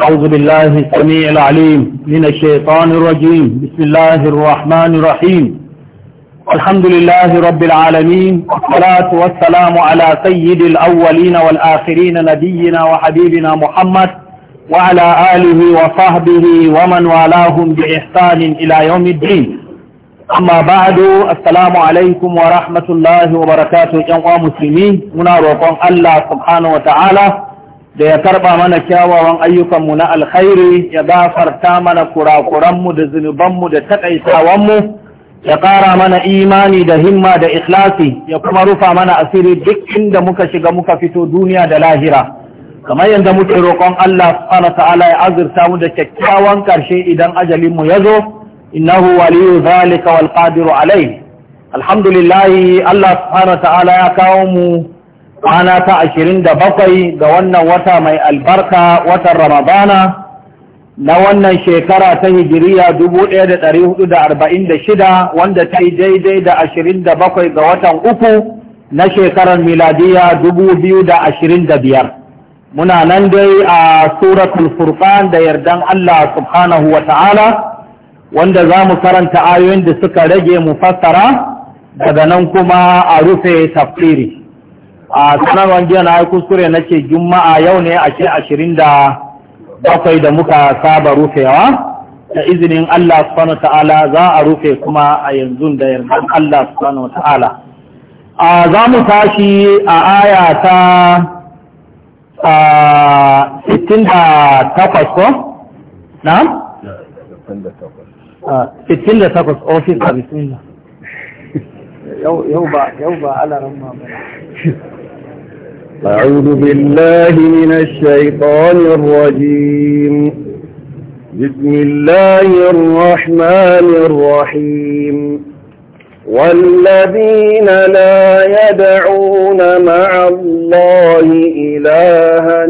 أعوذ بالله السميع العليم من الشيطان الرجيم بسم الله الرحمن الرحيم الحمد لله رب العالمين والصلاة والسلام على سيد الأولين والآخرين نبينا وحبيبنا محمد وعلى آله وصحبه ومن والاهم بإحسان إلى يوم الدين أما بعد السلام عليكم ورحمة الله وبركاته يا مسلمين منا الله سبحانه وتعالى da ya karba mana kyawawan ayyukanmu na alkhairi ya gafarta mana kurakuranmu da zunubanmu da taƙaitawanmu ya ƙara mana imani da himma da ikhlasi ya kuma rufa mana asiri duk inda muka shiga muka fito duniya da lahira kamar yadda muke roƙon Allah subhanahu ta'ala ya azurta mu da kyakkyawan ƙarshe idan ajalin mu yazo innahu waliyu zalika wal qadiru alai alhamdulillah Allah subhanahu ta'ala ya kawo mu rana ta ashirin da bakwai ga wannan wata mai albarka watan ramadana na wannan shekara ta hijiriya shida, wanda ta yi daidai da ashirin da bakwai ga watan uku na shekarar miladiya biyar. muna nan dai a suratul furqan da yardan Allah subhanahu wa ta'ala wanda za mu karanta ayoyin da suka rage mu fassara daga nan kuma a rufe tafsiri a sanarwar jiya na kuskure na ce juma'a yau ne a ce ashirin da bakwai da muka saba rufewa da izinin Allah subhanahu ta'ala za a rufe kuma a yanzu da yardan Allah subhanahu ta'ala a za mu tashi a aya ta sittin da takwas ko? na? sittin da takwas ofis a bismillah yau ba alaran mamaye أعوذ بالله من الشيطان الرجيم بسم الله الرحمن الرحيم والذين لا يدعون مع الله إلها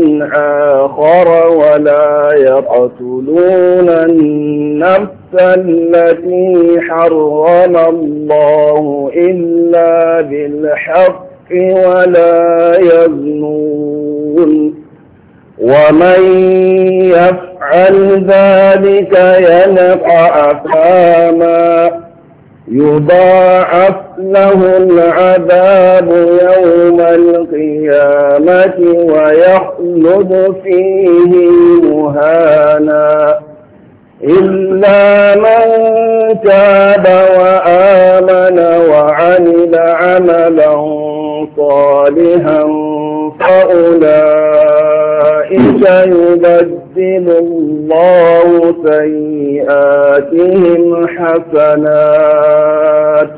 آخر ولا يقتلون النفس التي حرم الله إلا بالحق ولا يزنون ومن يفعل ذلك يلقى أثاما يضاعف له العذاب يوم القيامة ويخلد فيه مهانا إلا من تاب وآمن وعمل عملا صالحا فأولئك يبدل الله سيئاتهم حسنات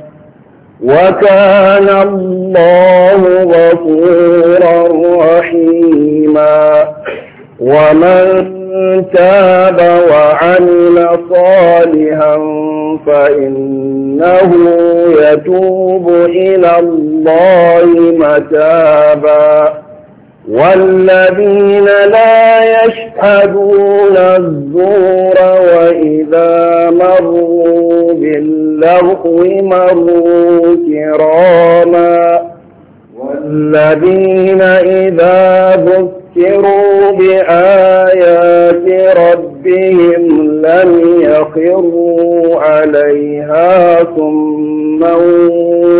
وكان الله غفورا رحيما ومن تاب وعمل صالحا فإنه يتوب إلى الله متابا والذين لا يشهدون الزور وإذا مروا باللغو مروا كراما الذين إذا ذكروا بآيات ربهم لم يخروا عليها ثما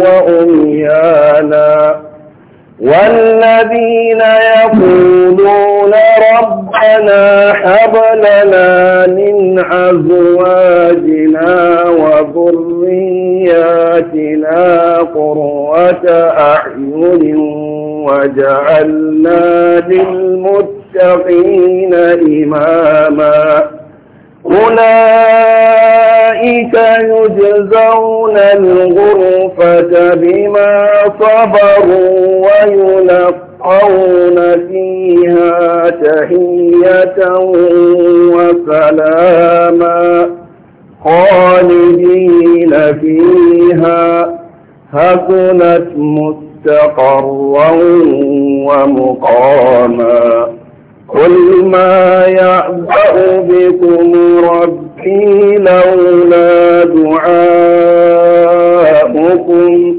وأميانا والذين يقولون ربنا هب لنا من أزواجنا وذرياتنا قرة أعين وجعلنا للمتقين إماما أولئك يجزون الغرفة بما صبروا ويلقون فيها تحية وسلاما خالدين فيها هكنت مستقرا ومقاما قل ما يعبأ بكم ربي لولا دعاؤكم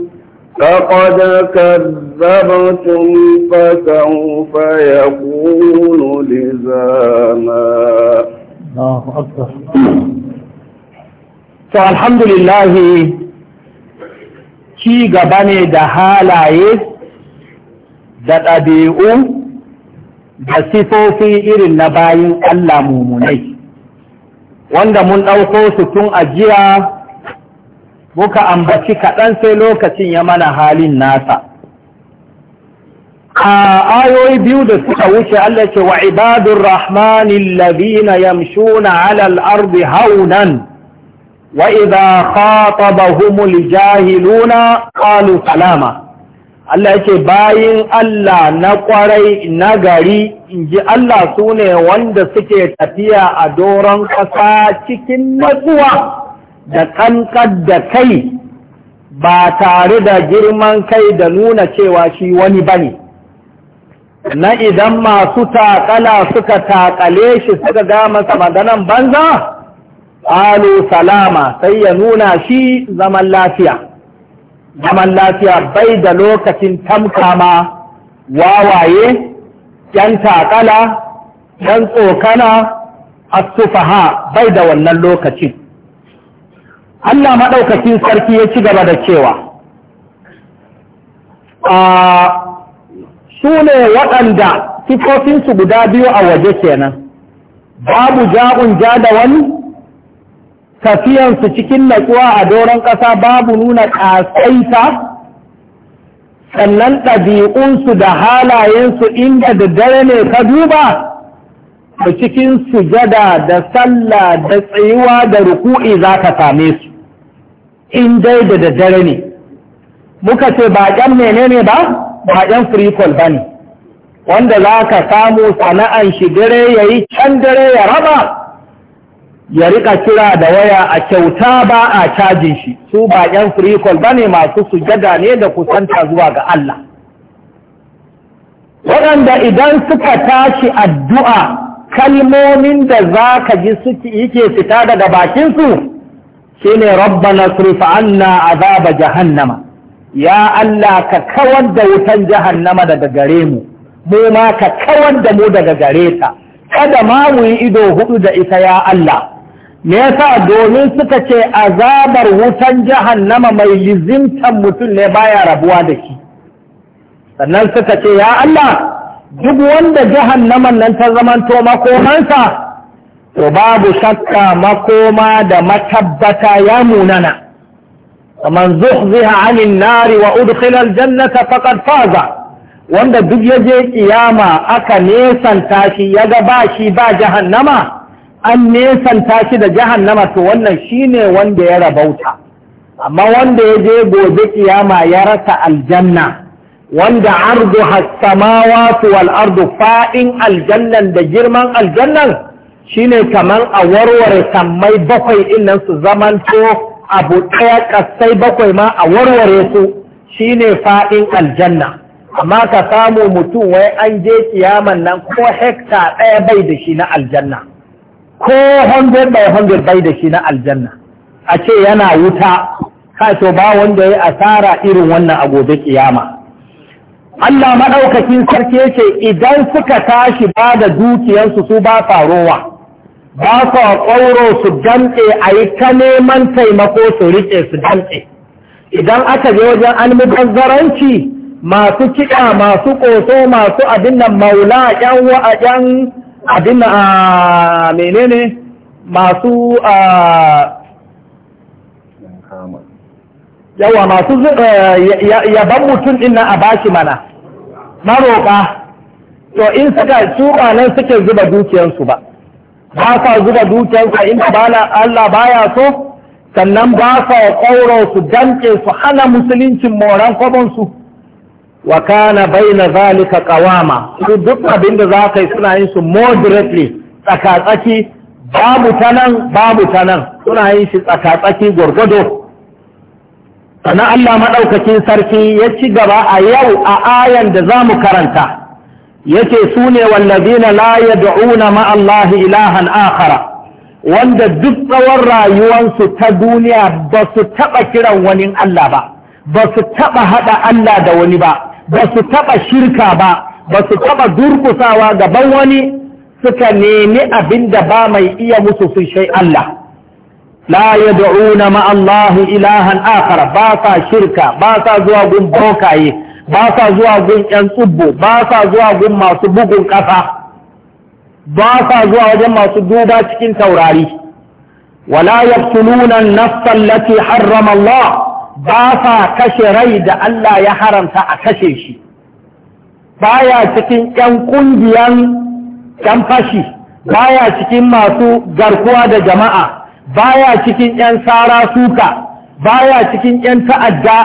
فقد كذبتم فسوف يكون لزاما الله أكبر فالحمد لله ci gaba ne da halaye da ɗabi'u da sifofi irin na bayin Allah mummunai, wanda mun ɗauko su tun ajiya muka ambaci kaɗan sai lokacin ya mana halin nasa a ayoyi biyu da suka wuce Allah ce wa ibadun rahmanin na yamshuna alal hau haunan وإذا خاطبهم الجاهلون قالوا سلاما Allah yake bayin Allah na kwarai na gari inji Allah sune wanda suke tafiya a doron ƙasa cikin natsuwa da ƙanƙar da kai ba tare da girman kai da nuna cewa shi wani bane na idan masu taƙala suka taƙale shi suka ga masa maganan banza qalu salama sai ya nuna shi zaman lafiya zaman lafiya bai da lokacin tamkama wawaye yan takala yan tsokana as bai da wannan lokacin Allah maɗaukacin sarki ya ci gaba da cewa a su ne waɗanda sifofinsu guda biyu a waje kenan babu ja'un ja da wani tafiyansu cikin natsuwa a doron ƙasa babu nuna ƙasaita sannan ɗabi'unsu da halayensu inda da dare ne ka duba da cikin sujada da sallah da tsayuwa da ruku'i za ka same su in dai da dare ne muka ce baƙen menene ba baƙen frikol ba ne wanda za ka samu sana'an shi dare ya yi can dare ya raba ya rika kira da waya a kyauta ba a cajin shi su ba yan ba ne masu masu sujada ne da kusanta zuwa ga Allah waɗanda idan suka tashi addu'a kalmomin da za ka ji suke yake fita daga bakinsu shi ne rabbana surfa anna azaba jahannama ya Allah ka kawar da wutan jahannama daga gare mu mu ma ka kawar da mu daga gare ta kada ma mu yi ido hudu da ita ya Allah me yasa domin suka ce azabar wutan jahannama mai lizimtan mutum ne baya rabuwa da shi sannan suka ce ya Allah duk wanda jahannaman nan ta zamanto makomansa to babu shakka makoma da matabbata ya munana kaman zuhziha anin nari wa udkhilal jannata faqad faza wanda duk yaje kiyama aka nesanta shi yaga ba shi ba jahannama an nesanta shi da jahannama to wannan shine wanda ya rabauta amma wanda ya je gobe kiyama ya rasa aljanna wanda ardu samawati wal ardu fa'in aljannan da girman aljannan shine kaman a warware sammai bakwai innan su zamanto abu ɗaya kasai bakwai ma a warware su shine fa'in aljanna amma ka samu mutum wai an je kiyaman nan ko hekta ɗaya bai da shi na aljanna ko 100 by 100 bai da shi na aljanna a ce yana wuta ka to ba wanda ya asara irin wannan a gobe kiyama Allah maɗaukakin sarki ce idan suka tashi ba da dukiyarsu su ba farowa ba su kauro su damɗe a yi ta neman taimako su riƙe su damɗe idan aka je wajen almubazzaranci masu kiɗa masu ƙoso masu abin nan maula yan yan. abin a menene masu a yawa masu yaban mutum din nan a bashi mana maroƙa to in suka tuka nan suke zuba dukiyarsu ba ba sa zuba dukiyarsu inda Allah baya so sannan ba sa ƙauro su damƙe su hana musuluncin moran kwabonsu wa kana baina zalika qawama su duk abin da za suna yin su moderately tsakatsaki babu ta nan babu ta nan suna yin shi tsakatsaki gwargwado na Allah maɗaukakin sarki ya ci gaba a yau a ayan da zamu karanta yake sune ne wallazina la yad'una ma Allah ilahan akhara wanda duk tsawon rayuwansu ta duniya ba su taɓa kiran wani Allah ba ba su taɓa haɗa Allah da wani ba ba su taɓa shirka ba ba su taɓa durkusawa gaban wani suka nemi abin da ba mai iya musu sun shai Allah la ya da'una ma'allahu ilahan akara ba sa shirka ba sa zuwa gun bokaye ba sa zuwa gun ƴan tsubbo ba sa zuwa gun masu bugun ƙasa ba sa zuwa wajen masu duba cikin taurari wala yaqtuluna an-nafsa allati harrama Allah ba sa kashe rai da Allah ya haramta a kashe shi Ba ya cikin 'yan ƙungiyan 'yan fashi ba ya cikin masu garkuwa da jama'a ba ya cikin 'yan tsara suka ya cikin 'yan ta'adda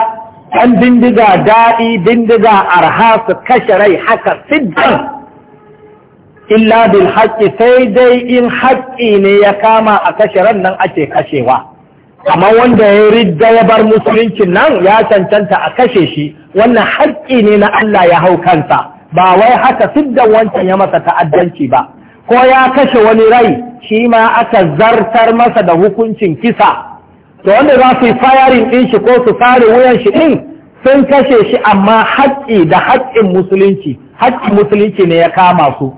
'yan bindiga daɗi bindiga arha su kashe rai haka siddar illa bil haƙƙi sai dai in haƙƙi ne ya kama a kashe ran nan ake kashewa amma wanda ya ridda ya bar musuluncin nan ya cancanta a kashe shi wannan haƙƙi ne na Allah ya hau kansa ba wai haka siddan wancan ya masa ta'addanci ba ko ya kashe wani rai shi ma aka zartar masa da hukuncin kisa to wanda za su yi fayarin ɗin shi ko su fare wuyan shi ɗin sun kashe shi amma haƙƙi da haƙƙin musulunci haƙƙin musulunci ne ya kama su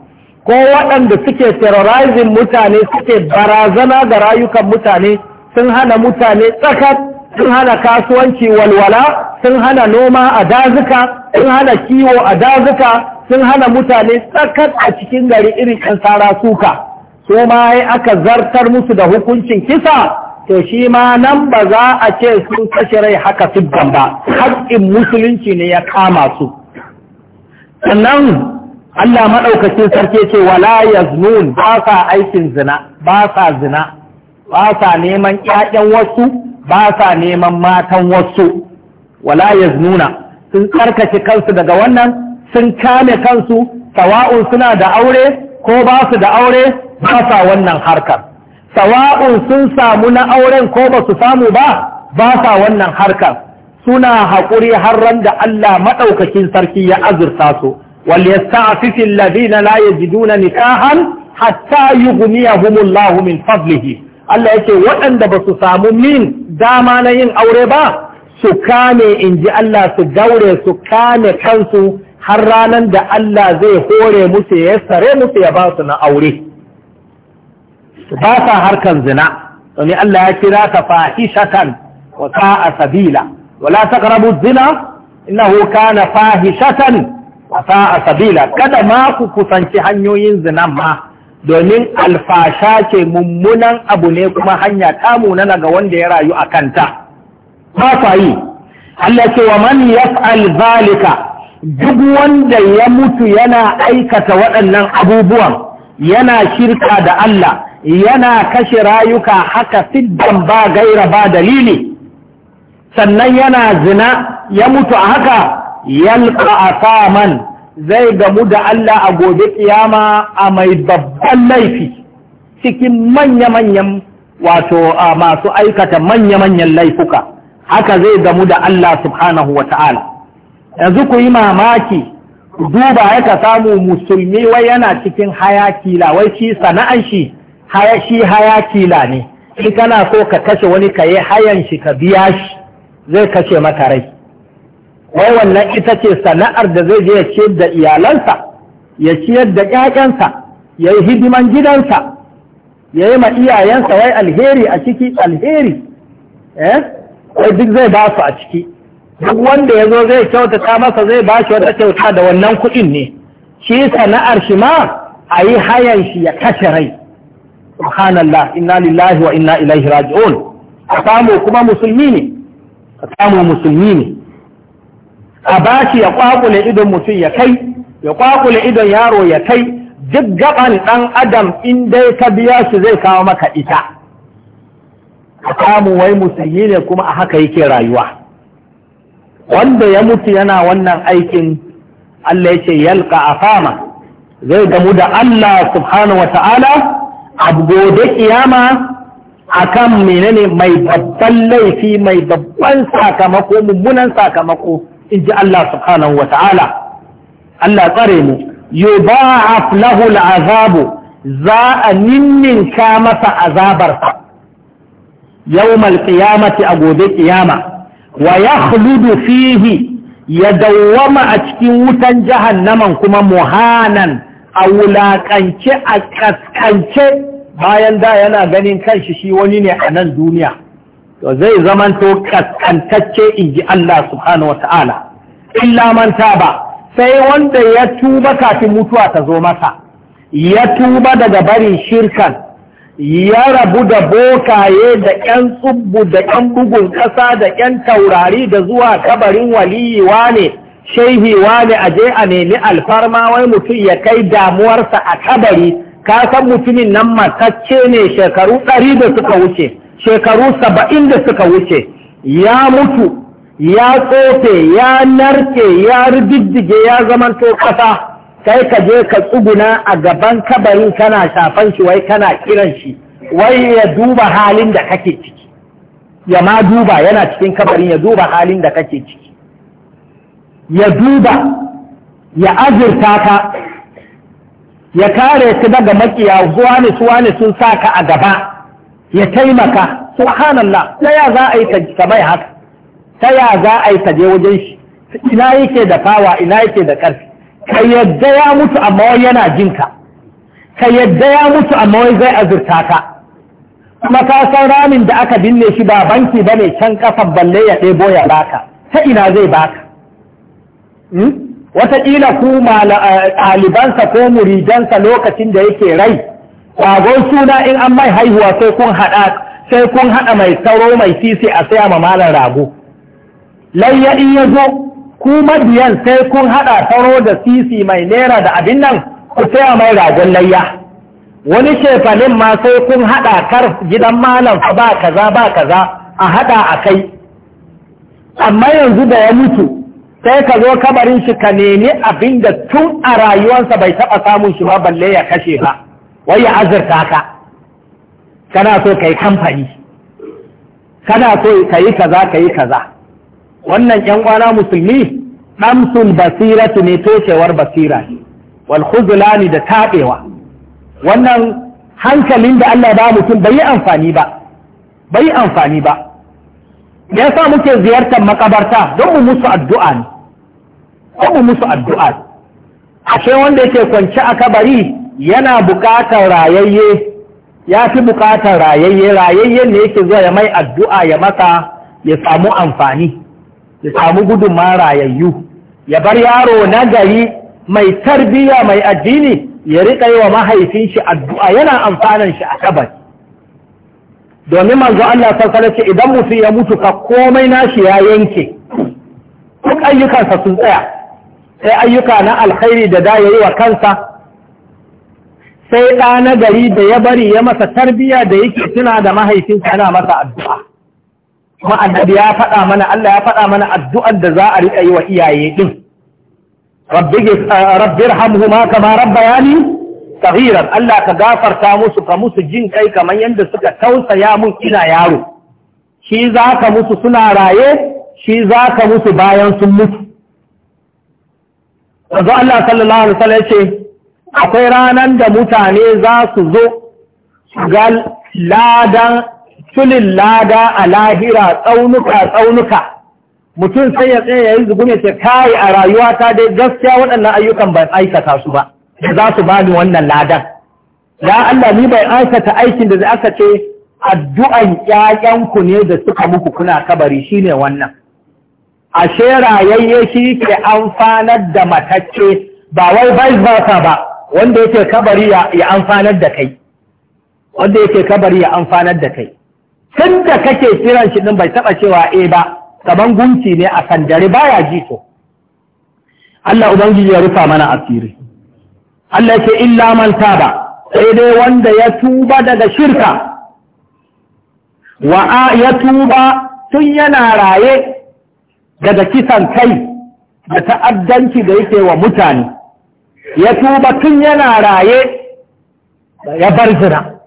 ko waɗanda suke terrorizing mutane suke barazana ga rayukan mutane sun hana mutane tsakat sun hana kasuwanci walwala sun hana noma a dazuka sun hana kiwo a dazuka sun hana mutane tsakat a cikin gari irin kan sara suka su ma yi aka zartar musu da hukuncin kisa to shi ma nan ba za a ce sun kashe rai haka siddan ba haƙƙin musulunci ne ya kama su sannan Allah maɗaukacin sarki ce wala yaznun ba sa aikin zina ba sa zina ba sa neman ƴaƴan wasu ba sa neman matan wasu wala nuna. sun tsarkace kansu daga wannan sun kame kansu sawa'un suna da aure ko ba su da aure ba sa wannan harkar sawa'un sun samu na auren ko ba su samu ba ba sa wannan harkar suna haƙuri har ran da Allah maɗaukakin sarki ya azurta su wal yasta'fifi alladhina la yajiduna nikahan hatta yughniyahumullahu min fadlihi Allah yake waɗanda ba su samu min dama na yin aure ba su kame in ji Allah su daure su kame kansu har ranar da Allah zai hore musu ya sare musu ya ba su na aure ba sa harkan zina domin Allah ya kira ka fahishatan wa a sabila wala taqrabu zina innahu kana fahishatan wa a sabila kada ma ku kusanci hanyoyin zinan ma domin alfasha ce mummunan abu ne kuma hanya ta munana ga wanda ya rayu a kanta ba yi Allah ce wa man yaf'al zalika duk wanda ya mutu yana aikata waɗannan abubuwan yana shirka da Allah yana kashe rayuka haka siddan ba gaira ba dalili sannan yana zina ya mutu a haka yalqa asaman zai gamu da Allah a gobe ƙiyama a mai babban laifi cikin manya-manyan wato masu aikata manya-manyan laifuka haka zai gamu da Allah subhanahu wa ta'ala yanzu ku yi mamaki duba yaka samu musulmi wai yana cikin hayakila wai shi sana'an shi shi hayakila ne in kana so ka kashe wani ka yi hayan shi ka biya shi zai kashe mata rai wai wannan ita ce sana'ar da zai je ya ciyar da iyalansa ya ciyar da ƴaƴansa ya yi hidiman gidansa ya yi ma iyayensa wai alheri a ciki alheri eh wai duk zai ba su a ciki duk wanda ya zo zai kyautata masa zai ba shi wata kyauta da wannan kuɗin ne shi sana'ar shi ma a yi hayan shi ya kashe rai subhanallah inna lillahi wa inna ilaihi raji'un a samu kuma musulmi ne a samu musulmi ne a bashi ya kwakule idon mutum ya kai ya kwakule idon yaro ya kai duk gaban ɗan adam in dai ka biya shi zai kawo maka ita a samu wai musulmi ne kuma a haka yake rayuwa wanda ya mutu yana wannan aikin Allah ya ce yalka a fama zai gamu da Allah subhanahu wa ta'ala a gobe akan menene mai babban laifi mai babban sakamako mummunan sakamako in ji Allah subhanahu wa ta'ala Allah tsare mu a lahu azabu za a ninninka masa azabarsa yawmal qiyamati a gobe ƙiyama. wa yakhludu fihi ya dawwama a cikin wutan jahannaman kuma muhanan a wulaƙance a kaskance bayan da yana ganin kanshi shi wani ne a nan duniya to zai zamanto kaskantacce in ji Allah subhanahu wata'ala illa man taba sai wanda ya tuba kafin mutuwa ta zo masa ya tuba daga barin shirkan ya rabu da bokaye da ƴan tsubbu da ƴan bugun ƙasa da ƴan taurari da zuwa kabarin waliyi wane shehi wane a je a nemi alfarma wai mutum ya kai damuwarsa a kabari ka san mutumin nan matacce ne shekaru ɗari da suka wuce shekaru saba'in da suka wuce ya mutu ya tsofe ya narke ya rigidige ya to kasa sai ka je ka tsuguna a gaban kabarin kana shafan shi wai kana kiran shi wai ya duba halin da kake ciki ya ma duba yana cikin kabarin ya duba halin da kake ciki ya duba ya azurta ka ya kare su daga makiya zuwa ne suwa ne sun sa ka a gaba ya taimaka subhanallah ta ya za a yi ta mai haka ta ya za a yi ta je wajen shi ina yake da fawa ina yake da ƙarfi ka yadda ya mutu amma wai yana jinka ka yadda ya mutu amma wai zai azurta ka kuma ka san ramin da aka binne shi ba banki bane can kafan balle ya ɗebo ya baka ta ina zai baka hmm? wataƙila ku eh, ɗalibansa ko muridansa lokacin da yake rai kwagon suna in an mai haihuwa sai kun haɗa sai kun haɗa mai sauro mai sisi a saya ma malar rago layya in ya zo ku mabiyan sai kun haɗa sauro da sisi mai nera da abin nan ku saya mai ragon layya wani shefanin ma sai kun haɗa kar gidan malam ba kaza ba kaza a haɗa a kai amma yanzu da ya mutu sai ka zo kabarin shi ka nemi abin da tun a rayuwarsa bai taɓa samun shi ba balle ya kashe ba wai ya azurta ka kana so ka yi kamfani kana so ka yi kaza ka yi kaza wannan yan kwana musulmi damsul basiratu ne toshewar basira wal khuzlani da tabewa wannan hankalin da Allah ba mutum bai yi amfani ba bai yi amfani ba me yasa muke ziyartar makabarta don mu musu addu'a ne don mu musu addu'a ashe wanda yake kwance a kabari yana buƙatar rayayye ya fi buƙatar rayayye rayayye ne yake zuwa ya mai addu'a ya mata ya samu amfani ya samu gudunman rayayyu ya bar yaro na gari mai tarbiyya mai addini ya riƙa yi wa mahaifin shi addu'a yana amfanin shi a kabar domin manzo Allah sassana ce idan mutum ya mutu ka komai nashi ya yanke duk ayyukansa sun tsaya sai ayyuka na alkhairi da da ya yi wa kansa sai ɗa na gari da ya bari ya masa tarbiyya da yake tuna da mahaifinsa yana masa addu'a kuma annabi ya faɗa mana Allah ya faɗa mana addu'ar da za a riƙa yi wa iyaye ɗin rabbir hamhuma kama rabbayani sahiran Allah ka gafarta musu ka musu jin kai kamar yadda suka tausaya mun ina yaro shi za ka musu suna raye shi za ka musu bayan sun mutu Allah sallallahu alaihi wasallam ya ce akwai ranar da mutane za su zo ga ladan tulin lada a lahira tsaunuka tsaunuka mutum sai ya tsaye ya yi zugume ce kai a rayuwata dai gaskiya waɗannan ayyukan ban aikata su ba da za su bani wannan ladan ya Allah ni bai aikata aikin da zai aka ce addu'an 'ya'yanku ne da suka muku kuna kabari shine wannan ashe rayayye shi ke amfanar da matacce ba wai ba versa ba wanda yake kabari ya amfanar da kai wanda yake kabari ya amfanar da kai tun da kake kiran shi din bai taɓa cewa eh ba kaman gunki ne a sandare baya ji to Allah ubangiji ya rufa mana asiri Allah yake illa man taba sai dai wanda ya tuba daga shirka wa ya tuba tun yana raye daga kisan kai da ta'addanci da yake wa mutane ya tuba tun yana raye ya bar zina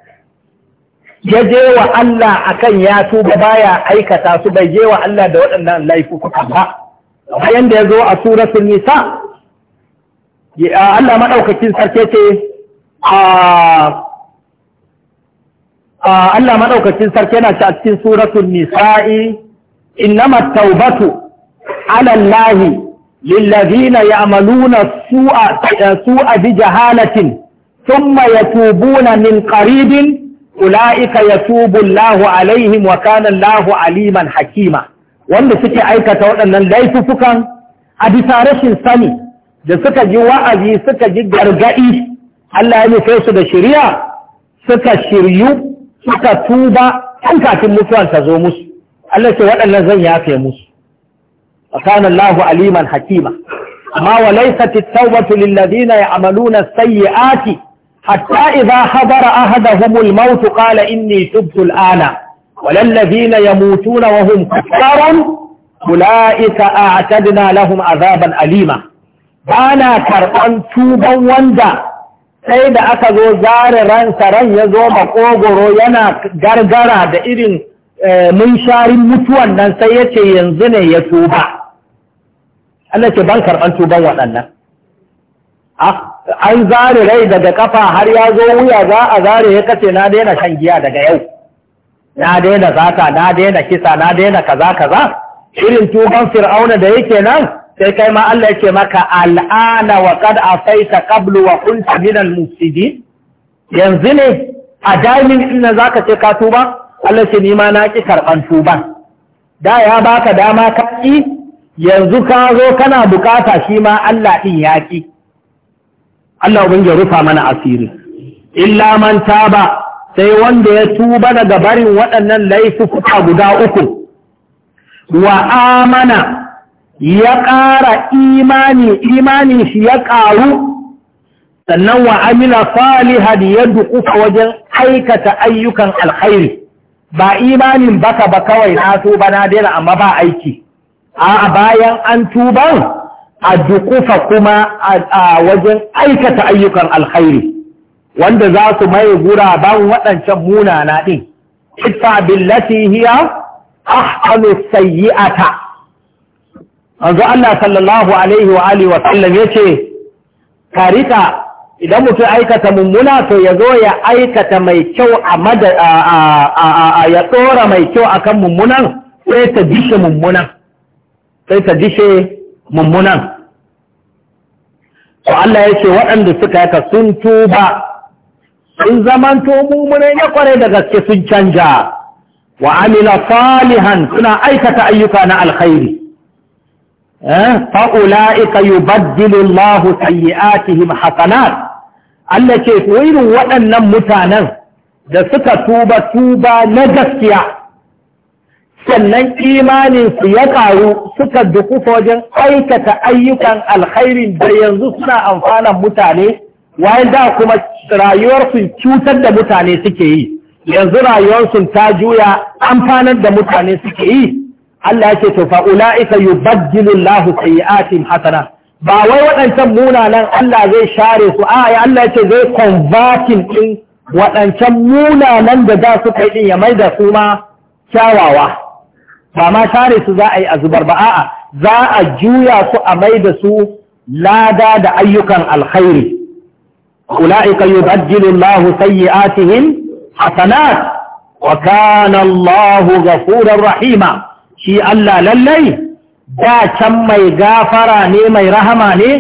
ya je wa Allah akan ya tuba baya aikata su bai je wa Allah da waɗannan laifuka ba bayan da ya zo a suratul nisa Allah maɗaukakin sarki ce a Allah maɗaukacin sarki yana ci a cikin suratul nisa'i innama taubatu ala Allahi للذين يعملون السوء سوء بجهالة ثم يتوبون من قريب أولئك يتوب الله عليهم وكان الله عليما حكيما wanda suke aikata waɗannan laifukan a bisa rashin sani da suka ji wa'azi suka ji gargaɗi Allah ya nufe su da shirya suka shiryu suka tuba kan kafin mutuwan ta zo musu Allah ce waɗannan zan yafe musu وكان الله عليما حكيما ما وليست التوبة للذين يعملون السيئات حتى إذا حضر أحدهم الموت قال إني تبت الآن وللذين يموتون وهم كفار أولئك أعتدنا لهم عذابا أليما بانا كرقان توبا واندا sai da aka zo zare ransa ran ya zo makogoro yana gargara da irin munsharin mutuwan nan sai ya ce yanzu ne ya tuba Allah ke ban karɓan tuban waɗannan an zare rai daga ƙafa har ya zo wuya za a zare ya kace na daina shan giya daga yau na daina zata, na daina kisa na daina kaza kaza irin tuban fir'auna da yake nan sai kai ma Allah yake maka al'ana wa qad afaita kablu wa kunta min al yanzu ne a damin za ka ce ka tuba Allah ce ni ma na ki karɓar tuban da ya baka dama ka ƙi yanzu ka zo kana bukata shi ma Allah ɗin ya ƙi Allah ya rufa mana asiri illa man taba sai wanda ya tuba daga barin waɗannan laifuka guda uku wa amana ya ƙara imani imani shi ya ƙaru sannan wa amina falihadi ya dukufa wajen aikata ayyukan alkhairi ba imanin baka ba kawai na so ba na daina amma ba aiki a bayan an tuban a dukufa kuma a wajen aikata ayyukan alkhairi wanda za su maye guraben waɗancan munana ɗin idfa billati hiya ahsanu sayyi'ata manzo Allah sallallahu alaihi wa alihi wa sallam yace karika idan mutum aikata mummuna to ya zo ya aikata mai kyau a mada ya tsora mai kyau akan mummunan sai ta bishe mummunan sai ta dishe mummunan to Allah ya ce waɗanda suka yaka sun tuba sun zamanto mummunai ya kware da gaske sun canja wa amila salihan suna aikata ayyuka na alkhairi eh, fa'ula'ika yubaddilu Allah sayyi'atihim hasanat Allah ce irin waɗannan mutanen da suka tuba tuba na gaskiya sannan imaninsu ya karu suka dukufa wajen aikata ayyukan alkhairin da yanzu suna amfanan mutane wayan da kuma rayuwarsu cutar da mutane suke yi yanzu rayuwarsu ta juya amfanar da mutane suke yi Allah ya ce to ulaika yubaddilu sayyi'atin hasana ba wai waɗancan munanan Allah zai share su a ya Allah ya ce zai convertin din waɗancan munanan da za su kai din ya maida su ma kyawawa ba ma tare su za a yi a zubar ba a'a za a juya su a mai da su lada da ayyukan alkhairi ula'ika yubaddilu Allahu sayyi'atihim hasanat wa kana Allahu ghafurur rahima shi Allah lallai da can mai gafara ne mai rahama ne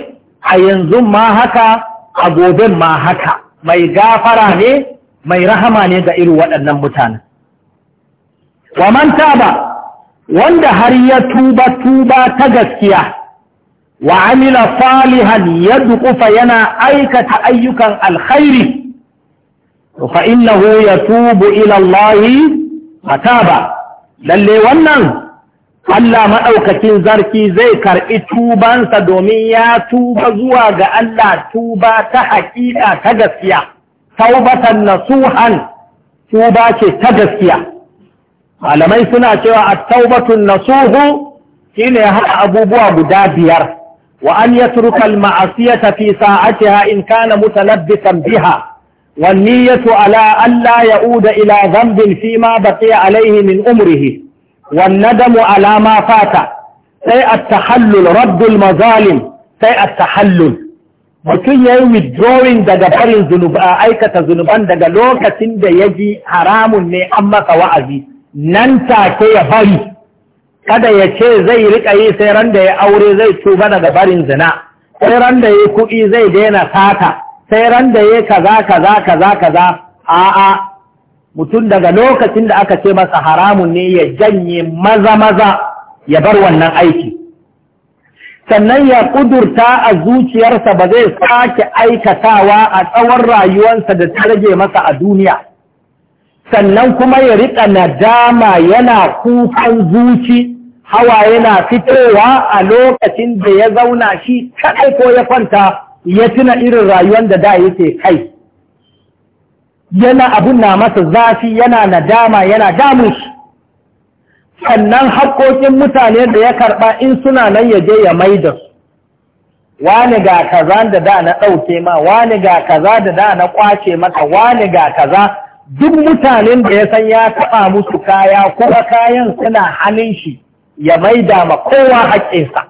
a yanzu ma haka a gobe ma haka mai gafara ne mai rahama ne ga irin waɗannan mutane. wa man taba wanda har ya tuba tuba ta gaskiya wa amila salihan ya dukufa yana aikata ayyukan alkhairi fa innahu yatubu ila Allah mataba lalle wannan Allah maɗaukakin zarki zai karɓi tubansa domin ya tuba zuwa ga Allah tuba ta haƙiƙa ta gaskiya, taubatan nasuhan tuba ce ta gaskiya. malamai suna cewa a taubatun nasuhu shine haɗa abubuwa guda biyar wa an yatruka al-ma'asiyata fi sa'atiha in kana mutalabbisan biha Wanni niyyatu ala Allah ya ya'uda ila zambin fi ma baqiya alaihi min umrihi wan nadamu ala ma fata sai at-tahallul raddul mazalim sai at-tahallul mutum ya yi withdrawing daga barin aikata zunuban daga lokacin da ya ji haramun ne an masa wa'azi nan take ya bari kada ya ce zai riƙa yi sai randa ya aure zai tuba daga barin zina sai ran ya kuɗi zai daina sata sai ran da ya kaza kaza kaza kaza a'a mutum daga lokacin da aka ce masa haramun ne ya janye maza maza ya bar wannan aiki sannan ya ƙudurta a zuciyarsa ba zai sake aikatawa a tsawon rayuwarsa da ta rage masa a duniya sannan kuma ya riƙa nadama yana kukan zuci hawa yana fitowa a lokacin da ya zauna shi kaɗai ko ya kwanta ya tuna irin rayuwar da da yake kai yana abun na masa zafi yana nadama yana damun shi sannan haƙoƙin mutane da ya karɓa in suna nan ya je ya maida su wani ga kaza da da na ɗauke ma wani ga kaza da da na ƙwace maka wani ga kaza duk mutanen da ya san ya taɓa musu kaya kuma kayan suna hannun shi ya maida ma kowa haƙƙinsa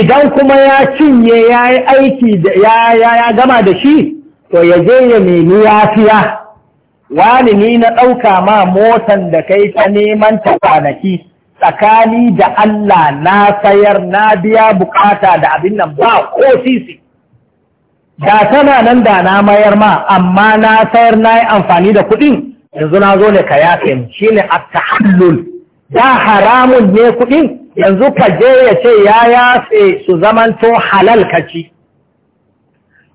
idan kuma ya cinye ya yi aiki da ya gama da shi to ya je ya nemi yafiya wani ni na ɗauka ma motan da kai ta neman ta kwanaki tsakani da Allah na sayar na biya bukata da abin nan ba ko sisi da tana nan da na mayar ma amma na sayar na yi amfani da kuɗin yanzu na zo ne ka yafe mu shi ne a tahallul da haramun ne kuɗin yanzu ka je ya ce ya yafe su zamanto halal ka ci.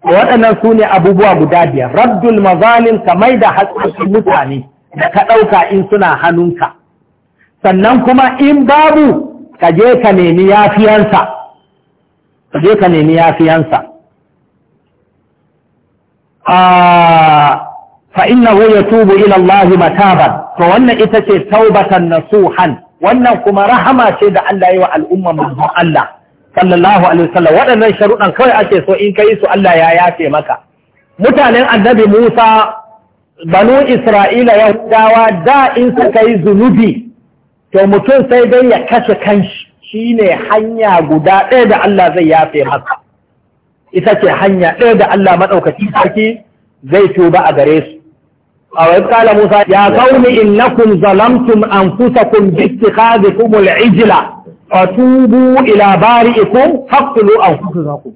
waɗannan su ne abubuwa guda biyar raddul mazalin ka mai da haƙƙin mutane da ka ɗauka in suna hannunka sannan kuma in babu ka je ka nemi yafiyansa ka ka nemi yafiyansa Ah, fa innahu yatubu ila Allah mataban to wannan ita ce taubatan nasuhan wannan kuma rahama ce da Allah yi wa al'umma manzon Allah sallallahu alaihi wasallam waɗannan sharuɗan kawai ake so in kai su Allah ya yafe maka mutanen annabi Musa banu Isra'ila Yahudawa da in suka yi zunubi to mutum sai dai ya kashe kanshi shine hanya guda ɗaya da Allah zai yafe maka ita ce hanya ɗaya da Allah maɗaukaki sarki zai tuba a gare su a wai kala Musa ya kauni kun zalamtum anfusakum bi ittikhadikum al-ijla fatubu ila Bari an bari'ikum faqtulu anfusakum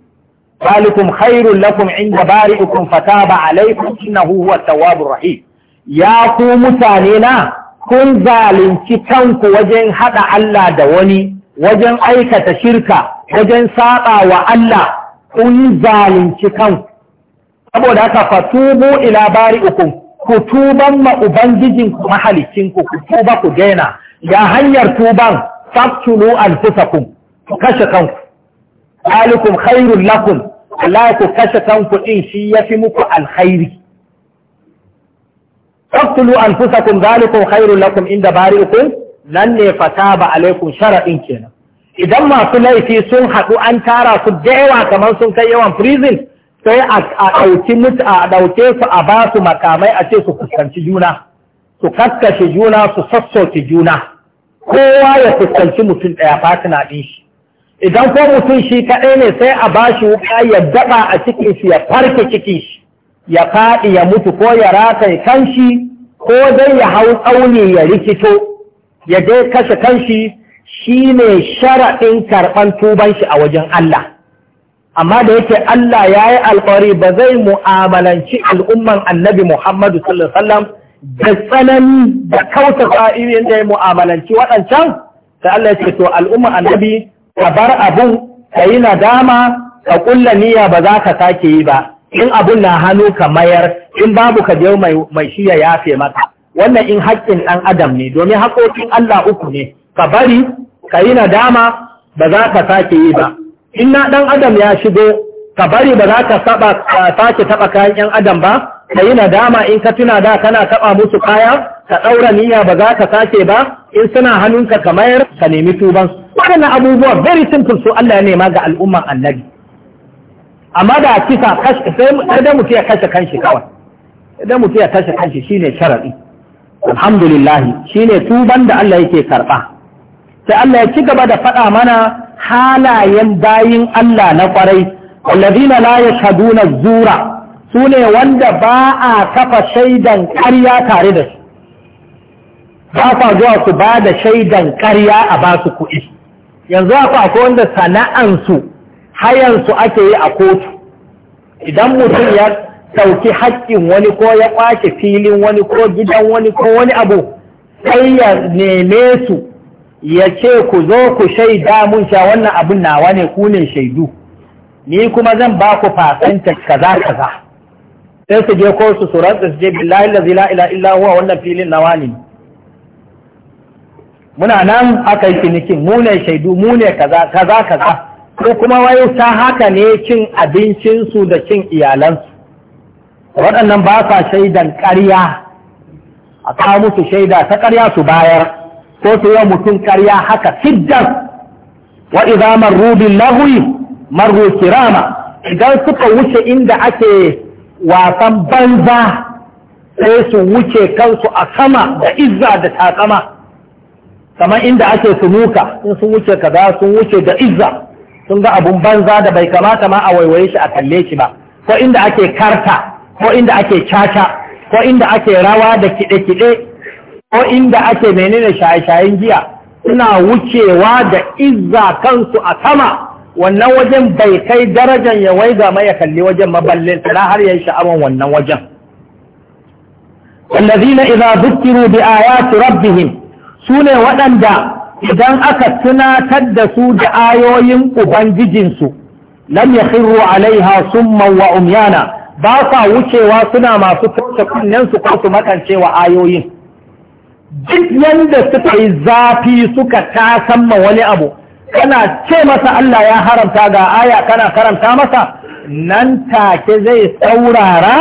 lakum inda Bari عند fata ba عليكم إنه هو التواب rahi. Ya ku mutane na kun zalunci kanku wajen haɗa Allah da wani wajen aikata shirka wajen saɓa wa Allah kun zalunci kan saboda haka fatubu ila uku ku tuban ma ubangijin ku mahalicin ku ku tuba ku daina ga hanyar tuban faktulu anfusakum ku kashe kanku alikum khairul lakum Allah ku kashe kanku din shi yafi muku alkhairi faktulu anfusakum zalikum khairul lakum inda bari'ukum nan ne fataba alaikum shara'in kenan idan masu laifi sun haɗu an tara su da yawa kamar sun kai yawan prison sai a ɗauki mutu a ɗauke su a ba su makamai a ce su fuskanci juna su kaskashe juna su sassauce juna kowa ya fuskanci mutum ɗaya na ɗin shi idan ko mutum shi kaɗai ne sai a ba shi wuka ya daɓa a cikin shi ya farke cikin shi ya faɗi ya mutu ko ya rataye kanshi, ko dai ya hau tsauni ya rikito ya dai kashe kanshi. Shi ne sharaɗin karɓan tuban shi a wajen Allah amma da yake Allah ya yi alƙawari ba zai mu'amalanci al'umman annabi Muhammadu sallallahu Alaihi da tsanani da kauta sa'irin da ya mu'amalanci waɗancan, sai Allah ya ce to al'umman annabi ka bar abun ka yi nadama ka ƙulla niyya ba za ka sake yi ba, in abun na hannu ka mayar in babu ka je mai shi ya yafe maka. Wannan in haƙƙin ɗan adam ne domin haƙoƙin Allah uku ne, ka bari ka yi nadama ba za ka sake yi ba in na ɗan adam ya shigo ka bari ba za ka sake taɓa kayan ‘yan adam ba ka yi nadama in ka tuna da kana taɓa musu kaya ka ɗaura niyya ba za ka sake ba in suna hannunka ka mayar ka nemi tuban waɗannan abubuwa very simple su Allah ya nema ga al'umman annabi amma da kisa sai da mutum ya kashe kanshi kawai da mutum ya kashe kanshi shine sharadi alhamdulillah shine tuban da Allah yake karɓa sai Allah ya ci gaba da faɗa mana halayen bayin Allah na ƙwarai wallazina la na zura ne wanda ba a kafa shaidan ƙarya tare da su ba a zuwa su ba da shaidan ƙarya a ba su kuɗi yanzu a akwai wanda sana'ansu hayansu ake yi a kotu idan mutum ya sauki haƙƙin wani ko ya ƙwace filin wani ko gidan wani ko wani abu sai ya neme su ya ce ku zo ku shaida mun sha wannan abin nawa ne ku ne shaidu ni kuma zan ba ku fasanta kaza kaza sai su je ko su suranta su je billahi la ilaha illa huwa wannan filin nawa ne muna nan aka yi cinikin mu ne shaidu mu ne kaza kaza kaza ko kuma wai ta haka ne cin abincinsu da cin iyalansu waɗannan ba sa shaidan ƙarya a kawo musu shaida ta ƙarya su bayar ko su yi mutum karya haka siddar wa idza marru bil marru kirama idan suka wuce inda ake wasan banza sai su wuce kansu a sama da izza da takama kamar inda ake sunuka in sun wuce kaza sun wuce da izza sun ga abun banza da bai kamata ma a waiwaye shi a kalle shi ba ko inda ake karta ko inda ake caca ko inda ake rawa da kiɗe-kiɗe ko inda ake menene shaye-shayen giya suna wucewa da izza kansu a sama wannan wajen bai kai darajan ya waiga mai ya kalli wajen maballin tsira har ya yi sha'awan wannan wajen wallazina idza dhukiru bi ayati rabbihim sune waɗanda idan aka tunatar da su da ayoyin ubangijinsu lam yakhiru alaiha summan wa umyana ba sa wucewa suna masu toshe kunnen su ko su makancewa ayoyin duk yadda suka yi zafi suka tasamma wani abu kana ce masa Allah ya haramta ga aya kana karanta masa nan take zai saurara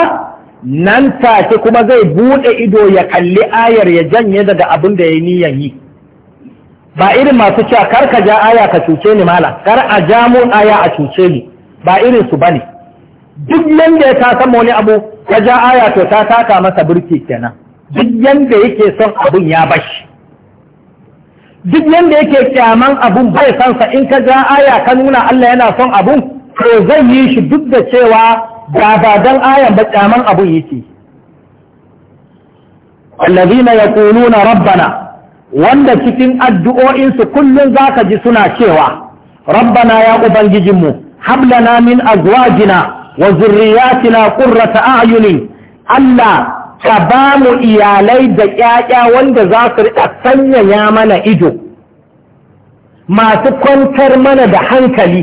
nan take kuma zai bude ido ya kalli ayar ya janye daga abin da ya niyan yi ba irin masu cewa kar ka ja aya ka cuce ni mala kar a ja mun aya a cuce ni ba irin su bane duk yanda ya ta wani abu ka ja aya to ta taka masa birki kenan duk yanda yake son abun ya bashi duk yanda yake kyaman abun bai sansa in ka ga aya ka nuna Allah yana son abun to zai yi shi duk da cewa da ba dan ayan ba kyaman abun yake allazina yaquluna rabbana wanda cikin addu'o'insu kullum zaka ji suna cewa rabbana ya ubangijinmu hablana min azwajina wa zurriyatina ƙurrata a'yunin Allah ka ba mu iyalai da ƙyaƙya wanda za su riƙa sanyaya mana ido masu kwantar mana da hankali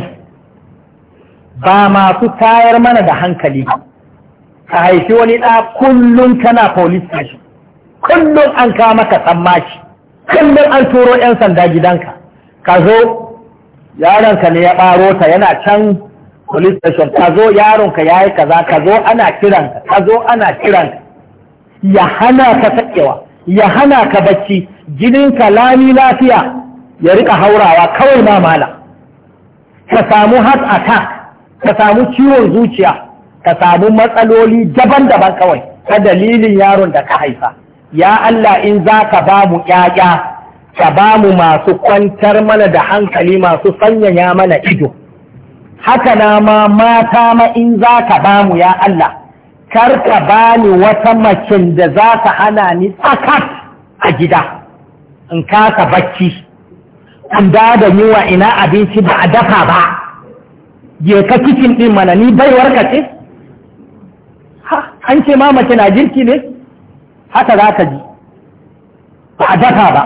ba masu tayar mana da hankali ka haifi wani ɗa kullum kana police station kullum an kawo maka tsammaci kullum an turo 'yan sanda gidanka ka zo yaronka ne ya ɓaro ta yana can police station ka zo yaronka ya yi kaza ka zo ana kiranka ka zo ana kiranka ya hana ka sakewa ya hana ka bacci jininka lami lafiya ya rika haurawa kawai ma mala ka samu heart attack ka samu ciwon zuciya ka samu matsaloli daban-daban kawai Ka dalilin yaron da ka haifa ya Allah in za ka ba mu ƙyaƙya, ka ba mu masu kwantar mana da hankali masu sanyaya mana ido haka na ma mata ma in za ka ba mu ya Allah karka bani wata macen da za ka hana ni tsakat a gida in kasa bacci an da da wa ina abinci ba a dafa ba je ka kicin ɗin mana ni baiwar ka ce an ce ma na jirki ne haka za ka ji ba a dafa ba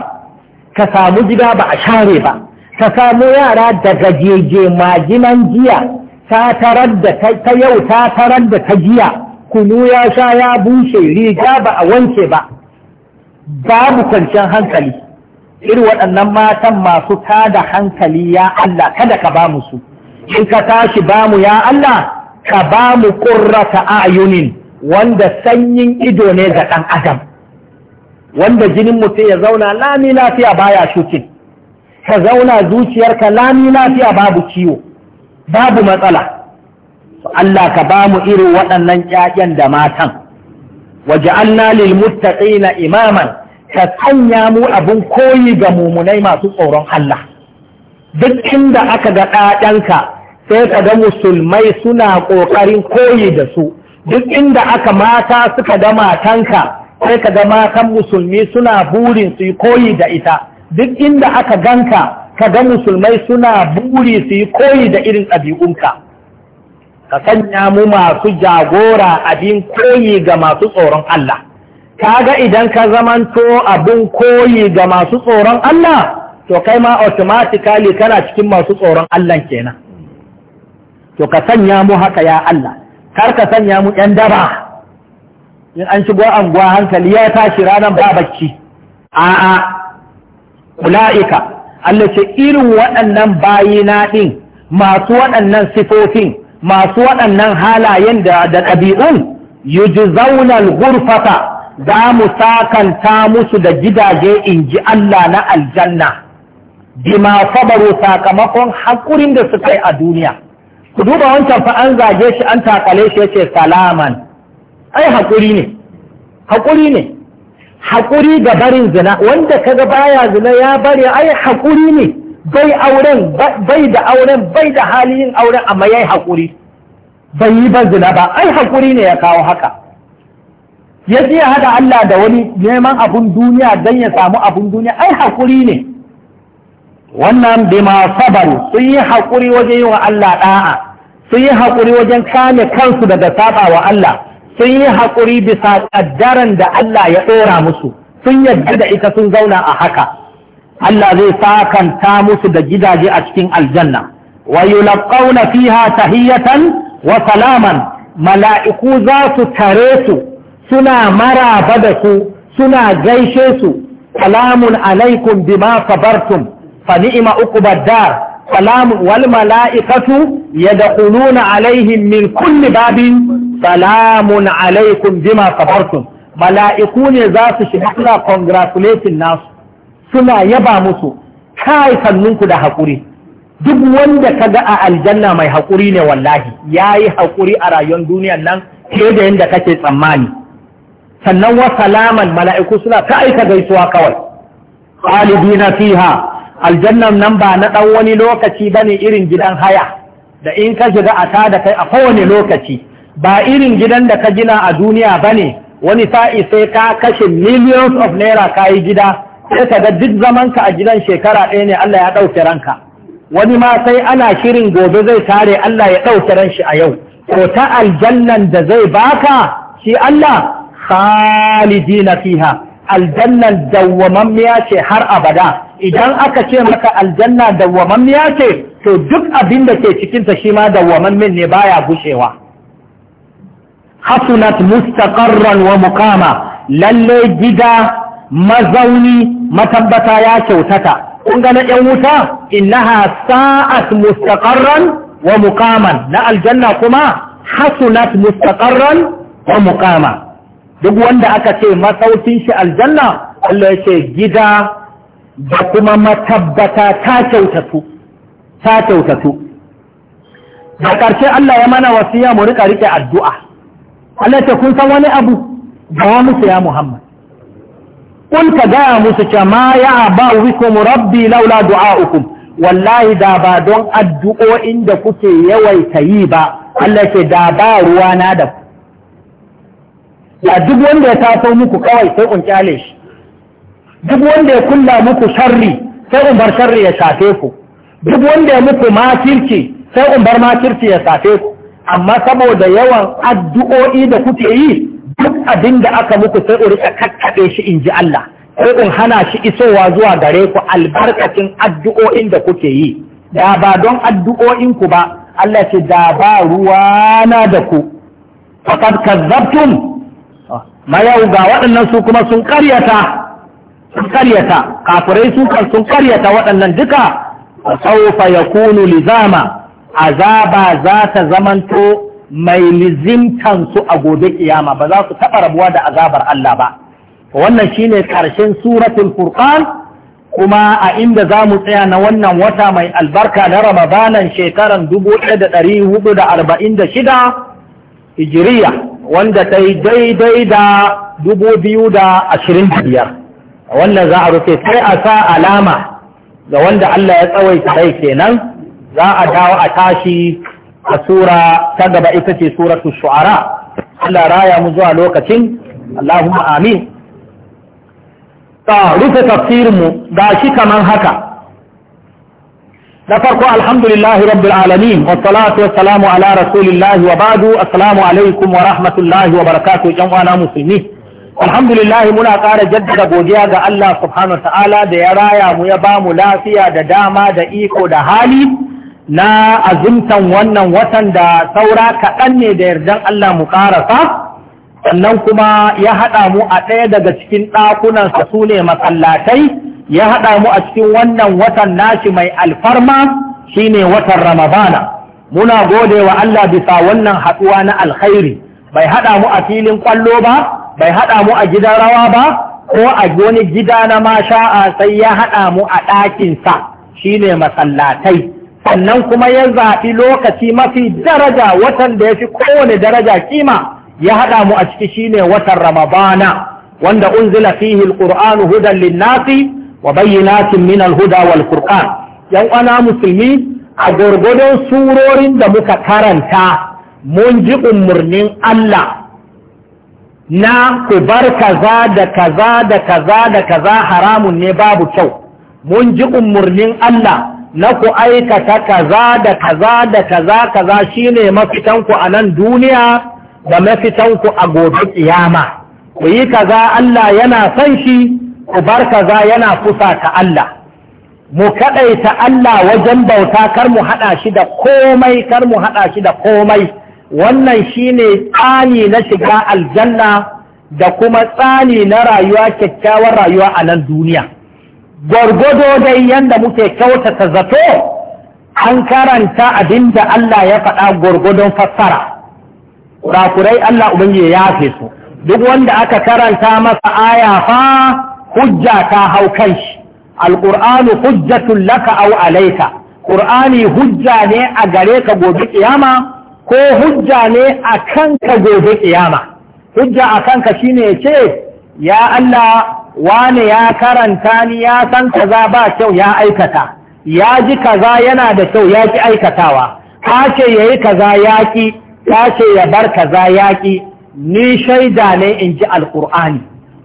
ka samu gida ba a share ba ka samu yara daga jeje majinan jiya ta tarar da ta yau ta tarar da ta jiya kunu ya sha ya bushe riga ba a wanke ba babu kwanciyar hankali irin waɗannan matan masu tada hankali ya Allah kada ka bamu su in ka tashi bamu ya Allah ka ba mu ƙurrata ayunin wanda sanyin ido ne ga ɗan adam wanda jinin mutum ya zauna lami lafiya baya shukin ka zauna zuciyarka lami lafiya babu ciwo babu matsala to Allah ka ba mu irin waɗannan ƴaƴan da matan ja'alna lil muttaqina imaman ka sanya mu abun koyi ga mumunai masu tsoron Allah duk inda aka ga ɗaɗanka sai ka ga musulmai suna ƙoƙarin koyi da su duk inda aka mata suka ga matanka sai ka ga matan musulmi suna burin su yi koyi da ita duk inda aka ganka ka ga musulmai suna buri su yi koyi da irin ɗabi'unka ka sanya mu masu jagora abin koyi ga masu tsoron Allah kaga idan ka zamanto abin koyi ga masu tsoron Allah to kai ma automatically kana cikin masu tsoron Allah kenan to ka sanya mu haka ya Allah kar ka sanya mu yan daba in an shigo anguwa hankali ya tashi ranar babacci, a'a kula’ika, Allah ce irin waɗannan bayina ɗin masu waɗannan sifofin masu waɗannan halayen da ɗabi'un yuji zaunar gurfata za mu sakanta musu da gidaje in ji Allah na aljanna ma sabaru sakamakon haƙurin da suka yi a duniya ku duba wancan fa an zage shi an takale shi yace salaman ai haƙuri ne haƙuri ne haƙuri ga barin zina wanda kaga baya zina ya bari ai haƙuri ne bai auren bai da auren bai da halin auren amma yayi hakuri bai yi zina ba ai hakuri ne ya kawo haka ya je hada Allah da wani neman abun duniya dan ya samu abun duniya ai hakuri ne wannan ma sabar sun yi hakuri wajen yi wa Allah da'a sun yi hakuri wajen kame kansu daga saba wa Allah sun yi hakuri bisa kaddaran da Allah ya dora musu sun yadda da ita sun zauna a haka Allah zai sakanta musu da gidaje a cikin aljanna wa yulqauna fiha tahiyatan wa salaman mala'iku za su tare su suna maraba da su suna gaishe su salamun alaikum bima sabartum fa ni'ma uqbad dar salamun wal mala'ikatu yadkhuluna alaihim min kulli babin salamun alaikum bima sabartum mala'iku ne za su shiga congratulating nasu suna yaba musu kai sannunku da haƙuri duk wanda ka ga a aljanna mai haƙuri ne wallahi ya yi haƙuri a rayuwar duniyan nan ke da yadda kake tsammani sannan wa salaman mala'iku suna ta aika gaisuwa kawai na fiha aljannan nan ba na ɗan wani lokaci ba ne irin gidan haya da in ka shiga a ta da kai a kowane lokaci ba irin gidan da ka gina a duniya ba ne wani sa'i sai ka kashe millions of naira ka yi gida sai ka ga duk zamanka a gidan shekara ɗaya ne Allah ya ɗauke ranka wani ma sai ana shirin gobe zai tare Allah ya ɗauke ran shi a yau ko ta aljannan da zai baka shi Allah khalidina fiha aljannan dawwamammiya ce har abada idan aka ce maka aljanna dawwamammiya ce to duk abin da ke cikinta shi ma dawwamammin ne baya gushewa hasunat mustaqarran wa muqama lalle gida mazauni matabbata ya kyautata kun ga na ‘yan wuta innaha sa'at mustaqarran wa muqaman na aljanna kuma hasunat mustaqarran wa muqama duk wanda aka ce masaukin shi aljanna Allah ya ce gida da kuma matabbata ta kyautatu ta kyautatu da ƙarshe Allah ya mana wasiya mu rika rike addu'a Allah ce kun san wani abu ga musu ya Muhammad Kun ka gaya musu ce ma ya ba wikum rabbi laula du'a'ukum wallahi da ba don addu'o'in da kuke yawaita yi ba Allah ce da ba ruwa na da ya duk wanda ya taso muku kawai sai kun kyale shi duk wanda ya kulla muku sharri sai in bar sharri ya shafe ku duk wanda ya muku makirci sai in bar makirci ya shafe ku amma saboda yawan addu'o'i da kuke yi duk abin da aka muku sai uri ka kakkaɓe shi in ji Allah sai in hana shi isowa zuwa gare ku albarkacin addu'o'in da kuke yi da ba don addu'o'in ku ba Allah ce da ba na da ku ka kazzabtum ma yau ga waɗannan su kuma sun karyata sun karyata kafirai su kan sun karyata waɗannan duka ya kunu lizama azaba za ta zamanto mai su a gobe kiyama ba za su taɓa rabuwa da azabar Allah ba wannan shine ƙarshen suratul furqan kuma a inda za mu tsaya na wannan wata mai albarka na ramadanan shekaran 1446 hijiriya wanda ta yi daidai da 2025 wannan za a rufe sai a sa alama ga wanda Allah ya tsawaita rai kenan za a dawo a tashi a sura ta gaba ita ce suratu shu'ara Allah raya mu zuwa lokacin Allahumma amin ta rufe tafsirinmu ga shi kamar haka na farko alhamdulillah rabbil alamin wa salatu wa salamu ala rasulillah wa ba'du assalamu alaikum wa rahmatullahi wa barakatuh jan uwana musulmi Alhamdulillahi muna ƙara jaddada godiya ga Allah subhanahu wa ta'ala da ya raya mu ya bamu lafiya da dama da iko da hali na azumtan wannan watan da saura kaɗan ne da yardan Allah mu ƙarasa sannan kuma ya haɗa mu a ɗaya daga cikin ɗakunansa su ne masallatai ya haɗa mu a cikin wannan watan nashi mai alfarma shine watan ramadana muna gode wa Allah bisa wannan haɗuwa na alkhairi bai haɗa mu a filin ƙwallo ba bai haɗa mu a gidan rawa ba ko a wani gida na masha'a sai ya haɗa mu a ɗakinsa shine masallatai sannan kuma ya zaɓi lokaci mafi daraja watan da ya fi kowane daraja kima ya haɗa mu a ciki shine watan ramadana wanda unzila fihi alquran hudan linnasi wa bayyinatin min alhuda wal furqan yan uwana musulmi a gurgudun surorin da muka karanta mun ji umarnin Allah na ku bar kaza da kaza da kaza da kaza haramun ne babu kyau mun ji umarnin Allah na ku aikata kaza da kaza da kaza kaza shine mafitanku a nan duniya da mafitanku a gobe kiyama ku yi kaza Allah yana san shi ku bar kaza yana kusa ta Allah mu kaɗaita Allah wajen bauta kar mu haɗa shi da komai kar mu haɗa shi da komai wannan shine tsani na shiga aljanna da kuma tsani na rayuwa kyakkyawar rayuwa a nan duniya gwargwado dai yanda muke kyautata zato an karanta abin da Allah ya faɗa gwargwadon fassara kurakurai Allah ubangiji ya yafe su duk wanda aka karanta masa aya fa hujja ta hau kan shi alqur'anu hujjatun laka au alaika. Ƙur'ani hujja ne a gare ka gobe kiyama ko hujja ne a kanka gobe kiyama hujja a kanka shine ya ce ya Allah Wani ya karanta ni ya san kaza ba kyau ya aikata ya ji kaza yana da kyau ya ki aikatawa ta ce ya yi kaza ya ki ta ce ya bar kaza ya ki ni shaida ne in ji alƙur'ani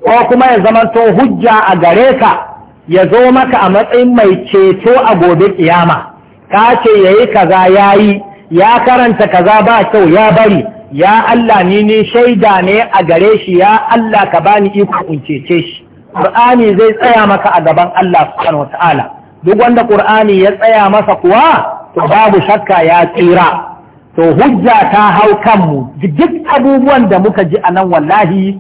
ko kuma ya zama to hujja a gare ka ya zo maka a matsayin mai ceto a gobe kiyama ta ce ya yi kaza ya yi ya karanta kaza ba kyau ya bari ya Allah ni ni shaida ne a gare shi ya Allah ka bani iko in cece shi Qur'ani zai tsaya maka a gaban Allah subhanahu wata'ala duk wanda ƙur'ani ya tsaya masa kuwa to babu shakka ya tsira to hujja ta hau kanmu duk abubuwan da muka ji a nan wallahi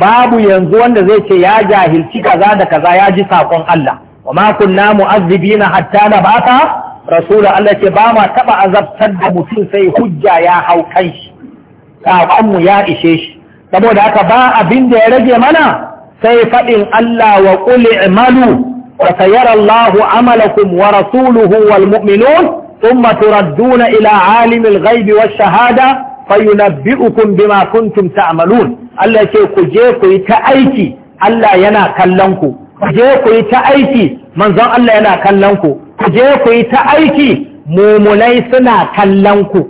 babu yanzu wanda zai ce ya jahilci kaza da kaza ya ji saƙon Allah wa ma kunna na hatta na nabata rasulun Allah ce ba ma taɓa azabtar da mutum sai hujja ya hau kan shi, saƙonmu ya ishe shi, saboda haka ba abin da ya rage mana sai faɗin Allah wa ƙuli imalu wa sayar Allahu amalakum wa rasuluhu wal mu'minun thumma turadduna ila alimil gaibi wash shahada fayunabbi'ukum bima kuntum ta'malun Allah ce ku je ku yi ta aiki Allah yana kallon ku ku je ku yi ta aiki manzon Allah yana kallon ku ku je ku yi ta aiki mumunai suna kallon ku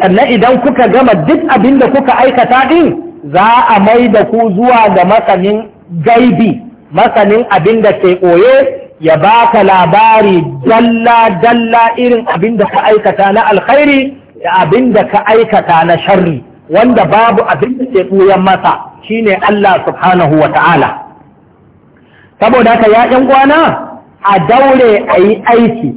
sannan idan kuka gama duk abin da kuka aikata din za a mai da ku zuwa ga masanin gaibi masanin abin da ke ɓoye ya ba ka labari dalla-dalla irin abin da ka aikata na alkhairi da abin da ka aikata na sharri wanda babu abin da ke ɓoyen masa shine Allah subhanahu wa ta'ala saboda haka ya kwana a daure a yi aiki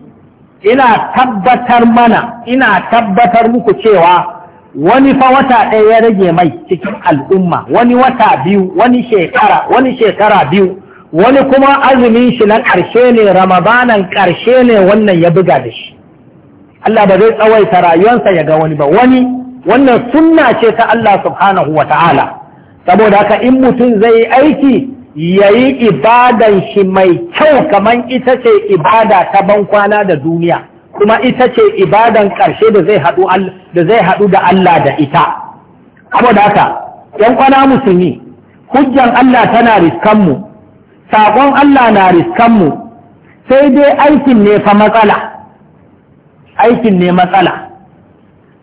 ina tabbatar mana ina tabbatar muku cewa wani fa wata ɗaya ya rage mai cikin al'umma wani wata biyu wani shekara wani shekara biyu wani kuma azumin shi na ƙarshe ne ramadanan ƙarshe ne wannan ya buga da shi Allah ba zai tsawaita rayuwarsa ya ga wani ba wani wannan sunna ce ta Allah subhanahu wa ta'ala saboda haka in mutum zai yi aiki ya yi ibadan shi mai kyau kamar ita ce ibada ta bankwana da duniya kuma ita ce ibadan ƙarshe da zai haɗu da Allah da ita saboda haka ‘yan kwana musulmi hujjan Allah tana riskanmu saƙon Allah na riskanmu sai dai aikin ne fa matsala aikin ne matsala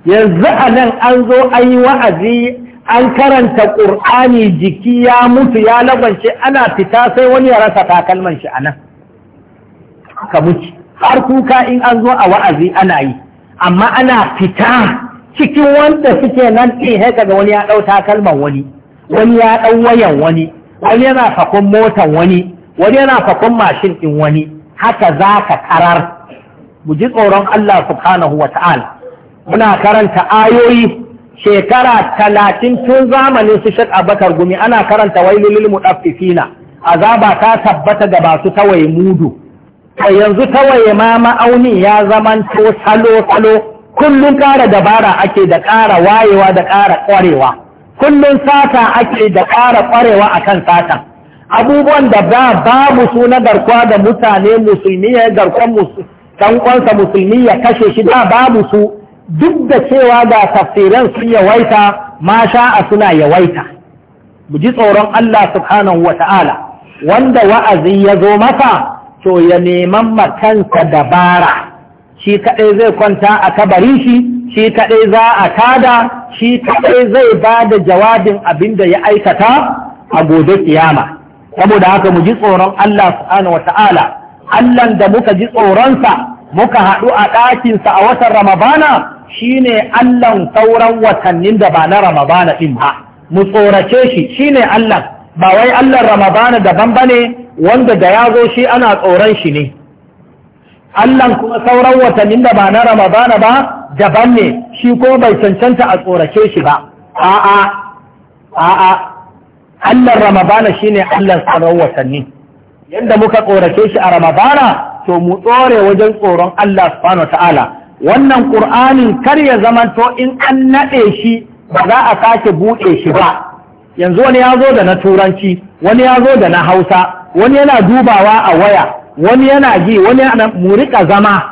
yanzu a nan an zo an yi wa'azi an karanta ƙur'ani jiki ya mutu ya lagwance ana fita sai wani ya rasa takalman shi a nan ka har kuka in an zo a wa'azi ana yi amma ana fita cikin wanda suke nan ɗin haka ga wani ya ɗau takalman wani wani ya ɗau wayan wani wani yana fakon motan wani wani yana fakon mashin ɗin wani haka za ka karar mu ji tsoron Allah subhanahu huwa ta'ala muna karanta ayoyi shekara talatin tun zamanin su shaƙa bakar gumi ana karanta wailulil muɗaffifina azaba ta tabbata ga masu tawaye mudu to yanzu tawaye ma ma'auni ya zamanto salo-salo kullum ƙara dabara ake da ƙara wayewa da ƙara ƙwarewa kullum sata ake da ƙara ƙwarewa a kan satan abubuwan da ba babu su na garkuwa da mutane musulmi ya garkon musulmi ya kashe shi ba babu su duk da cewa ga tafsirin sun yawaita ma sha'a suna yawaita mu ji tsoron Allah subhanahu wa ta'ala wanda wa'azi ya zo masa to ya neman makansa dabara shi kaɗai zai kwanta a kabarin shi shi kaɗai za a tada shi kaɗai zai ba da jawabin abin da ya aikata a gobe kiyama saboda haka mu ji tsoron Allah subhanahu wa ta'ala Allahn da muka ji tsoronsa muka haɗu a ɗakinsa a watan Ramabana shine Allahn sauran watannin da ba na Ramabana ɗin ba mu tsorace shi shine Allah ba wai Allah ramadana daban bane wanda da ya zo shi ana tsoron shi ne Allah kuma sauran watannin da ba na ramadana ba daban ne shi ko bai cancanta a tsorace shi ba a'a a'a Allah ramadana ne Allah sauran watanni yanda muka tsorace shi a ramadana to mu tsore wajen tsoron Allah subhanahu ta'ala wannan ƙur'anin kar ya zamanto in an nade shi ba za a sake buɗe shi ba yanzu wani ya zo da na turanci wani ya zo da na hausa wani yana dubawa a waya wani yana ji wani yana murika zama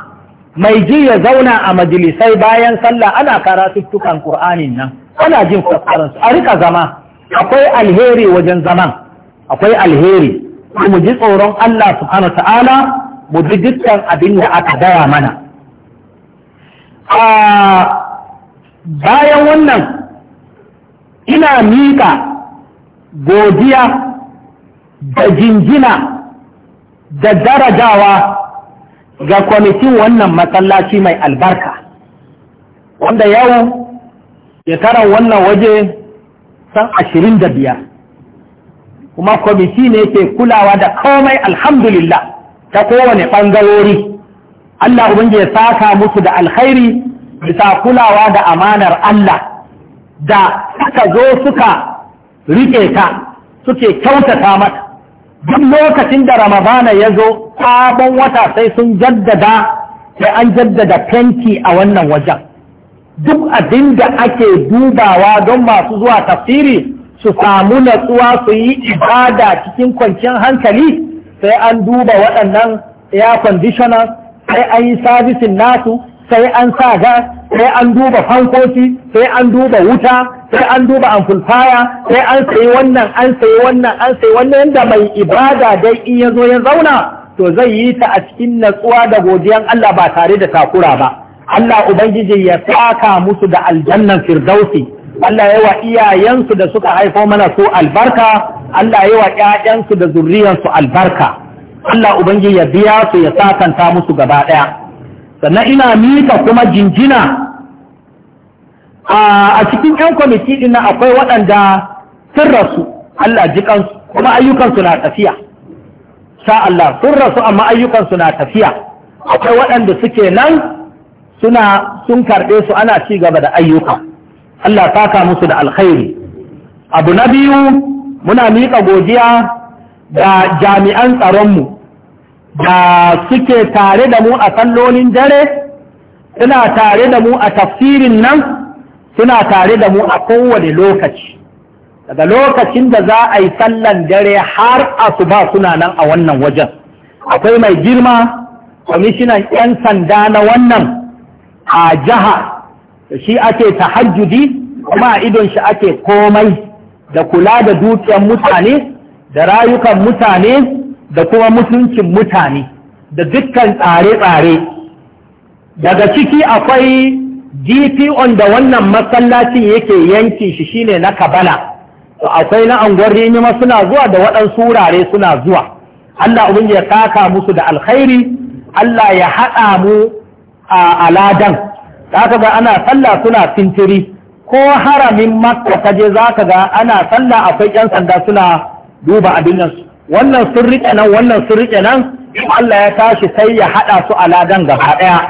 mai ji ya zauna a majalisai bayan sallah ana karatuttukan qur'anin nan ana jin fasaransu a rika zama akwai alheri wajen zaman akwai alheri mu ji tsoron Allah subhanahu ta'ala mu bi dukkan abin da aka gaya mana a bayan wannan ina miƙa godiya da jinjina da darajawa ga kwamitin wannan matsalaci mai albarka wanda yau ya tara wannan waje san ashirin da biyar kuma kwamiti ne ke kulawa da komai alhamdulillah ta kowane ɓangarori Allah ubangi ya saka musu da alkhairi bisa kulawa da amanar Allah da suka zo suka riƙe ta suke kyautata mata duk lokacin da ramadana ya zo sabon wata sai sun jaddada sai an jaddada fenti a wannan wajen duk abin da ake dubawa don masu zuwa tafsiri su samu natsuwa su yi ibada cikin kwanciyar hankali sai an duba waɗannan air conditioner sai an yi sabisin nasu sai an sa gas sai an duba fankoki sai an duba wuta sai an duba amfulfaya sai an sayi wannan an sayi wannan an sayi wannan yadda mai ibada dai in ya zo ya zauna to zai yi ta a cikin natsuwa da godiyan Allah ba tare da takura ba Allah ubangiji ya saka musu da aljannan firdausi Allah yawa iyayensu da suka haifo mana su albarka Allah yawa ƴaƴansu da zurriyansu albarka Allah ubangiji ya biya su ya sakanta musu gaba ɗaya sannan ina mika kuma jinjina a cikin 'yan kwamiti ɗin akwai waɗanda sun rasu Allah jikansu kuma ayyukansu na tafiya sha Allah sun rasu amma ayyukansu na tafiya akwai waɗanda suke nan suna sun karɓe su ana ci gaba da ayyuka Allah taka musu da alkhairi abu na biyu muna miƙa godiya da jami'an tsaronmu da suke tare da mu a sallolin dare suna tare da mu a tafsirin nan suna tare da mu a kowane lokaci daga lokacin da za a yi sallan dare har asuba suna nan a wannan wajen akwai mai girma kwamishinan 'yan sanda na wannan a jiha shi ake tahajjudi kuma a idon shi ake komai da kula da dukiyar mutane da rayukan mutane da kuma mutuncin mutane da dukkan tsare-tsare daga ciki akwai dpo da wannan masallacin yake yankin shi shine na kabala to akwai na anguwar ma suna zuwa da waɗansu wurare suna zuwa Allah abin ya kaka musu da alkhairi Allah ya haɗa mu a aladan ka ga ana sallah suna sintiri ko haramin makka kaje zaka ga ana sallah akwai 'yan sanda suna duba abin nan wannan sun riƙe nan wannan sun riƙe nan Allah ya tashi sai ya haɗa su a ladan gaba ɗaya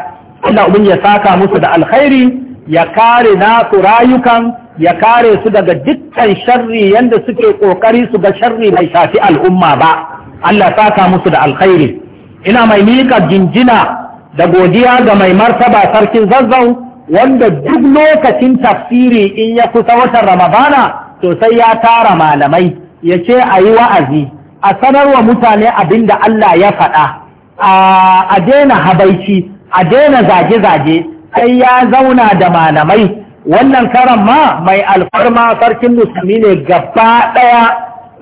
Allah ubin ya saka musu da alkhairi ya kare nasu rayukan ya kare su daga dukkan sharri yanda suke ƙoƙari su ga sharri bai shafi al'umma ba Allah saka musu da alkhairi ina mai miƙa jinjina da godiya ga mai martaba sarkin zazzau wanda duk lokacin tafsiri in ya kusa watan ramadana to sai ya tara malamai ya ce a yi wa'azi a sanarwa mutane abin da Allah ya faɗa a daina habaici a daina zage-zage sai ya zauna da malamai wannan karan ma mai alfarma sarkin musulmi ne gaba ɗaya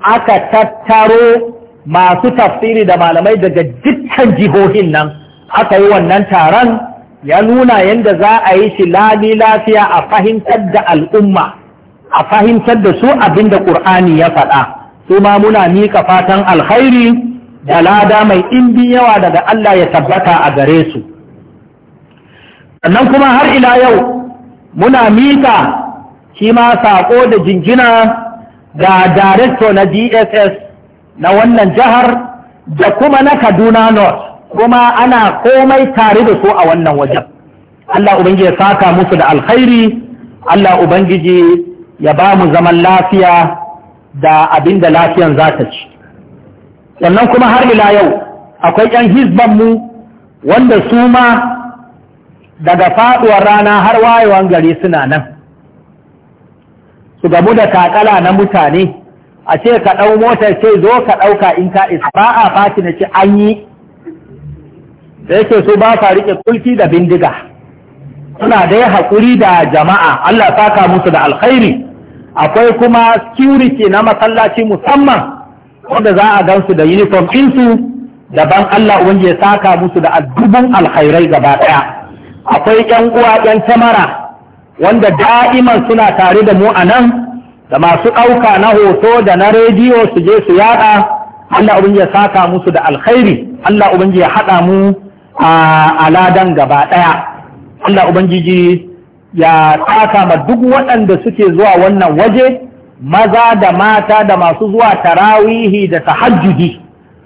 aka tattaro masu tafsiri da malamai daga dukkan jihohin nan aka yi wannan taron ya nuna yadda za a yi shi lami lafiya a fahimtar da al'umma a fahimtar da su abin da ƙur'ani ya faɗa. su ma muna mika fatan alkhairi da lada mai ɗimbin yawa daga Allah ya tabbata a gare su sannan kuma har ila yau muna mika shi ma saƙo da jingina ga darekto na dss na wannan jihar da kuma na kaduna north kuma ana komai tare da su a wannan wajen Allah Ubangiji ya saka musu da alkhairi Allah Ubangiji ya ba mu zaman lafiya da abin da lafiyan za ta ci sannan kuma har ila yau akwai 'yan mu wanda su ma daga faɗuwar rana har wayewan gari suna nan su gamu da takala na mutane a ce ka ɗau motar ce zo ka ɗauka in ka isa ba a fashi na ce an yi da yake su ba sa riƙe kulki da bindiga suna dai haƙuri da jama'a Allah saka musu da alkhairi akwai kuma security na masallaci musamman wanda za a gansu da uniform ɗinsu daban Allah wanda ya saka musu da addubun alkhairai gaba ɗaya akwai yan uwa yan tamara wanda da'iman suna tare da mu a nan da masu ɗauka na hoto da na rediyo su je su yaɗa Allah ubangi ya saka musu da alkhairi Allah ubangi ya haɗa mu a aladan gaba ɗaya Allah ubangiji ya taka ma duk waɗanda suke zuwa wannan waje maza da mata da masu zuwa tarawihi da tahajjudi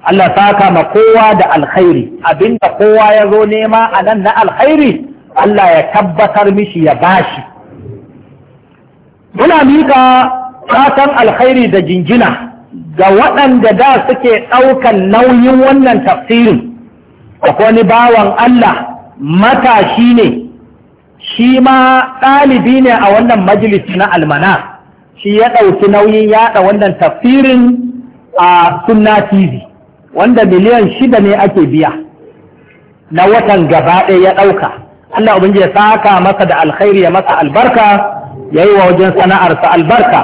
Allah taka ma kowa da alkhairi abinda kowa ya zo nema a nan na alkhairi Allah ya tabbatar mishi ya bashi muna mika fatan alkhairi da jinjina ga waɗanda da suke ɗaukan nauyin wannan tafsirin akwai wani bawan Allah matashi ne shi ma ɗalibi ne a wannan majalisi na almana shi ya ɗauki nauyin yaɗa wannan tafsirin a sunna tv wanda miliyan shida ne ake biya na watan gaba ɗaya ya ɗauka Allah ya saka masa da alkhairi ya masa albarka ya yi wa wajen sana'arsa albarka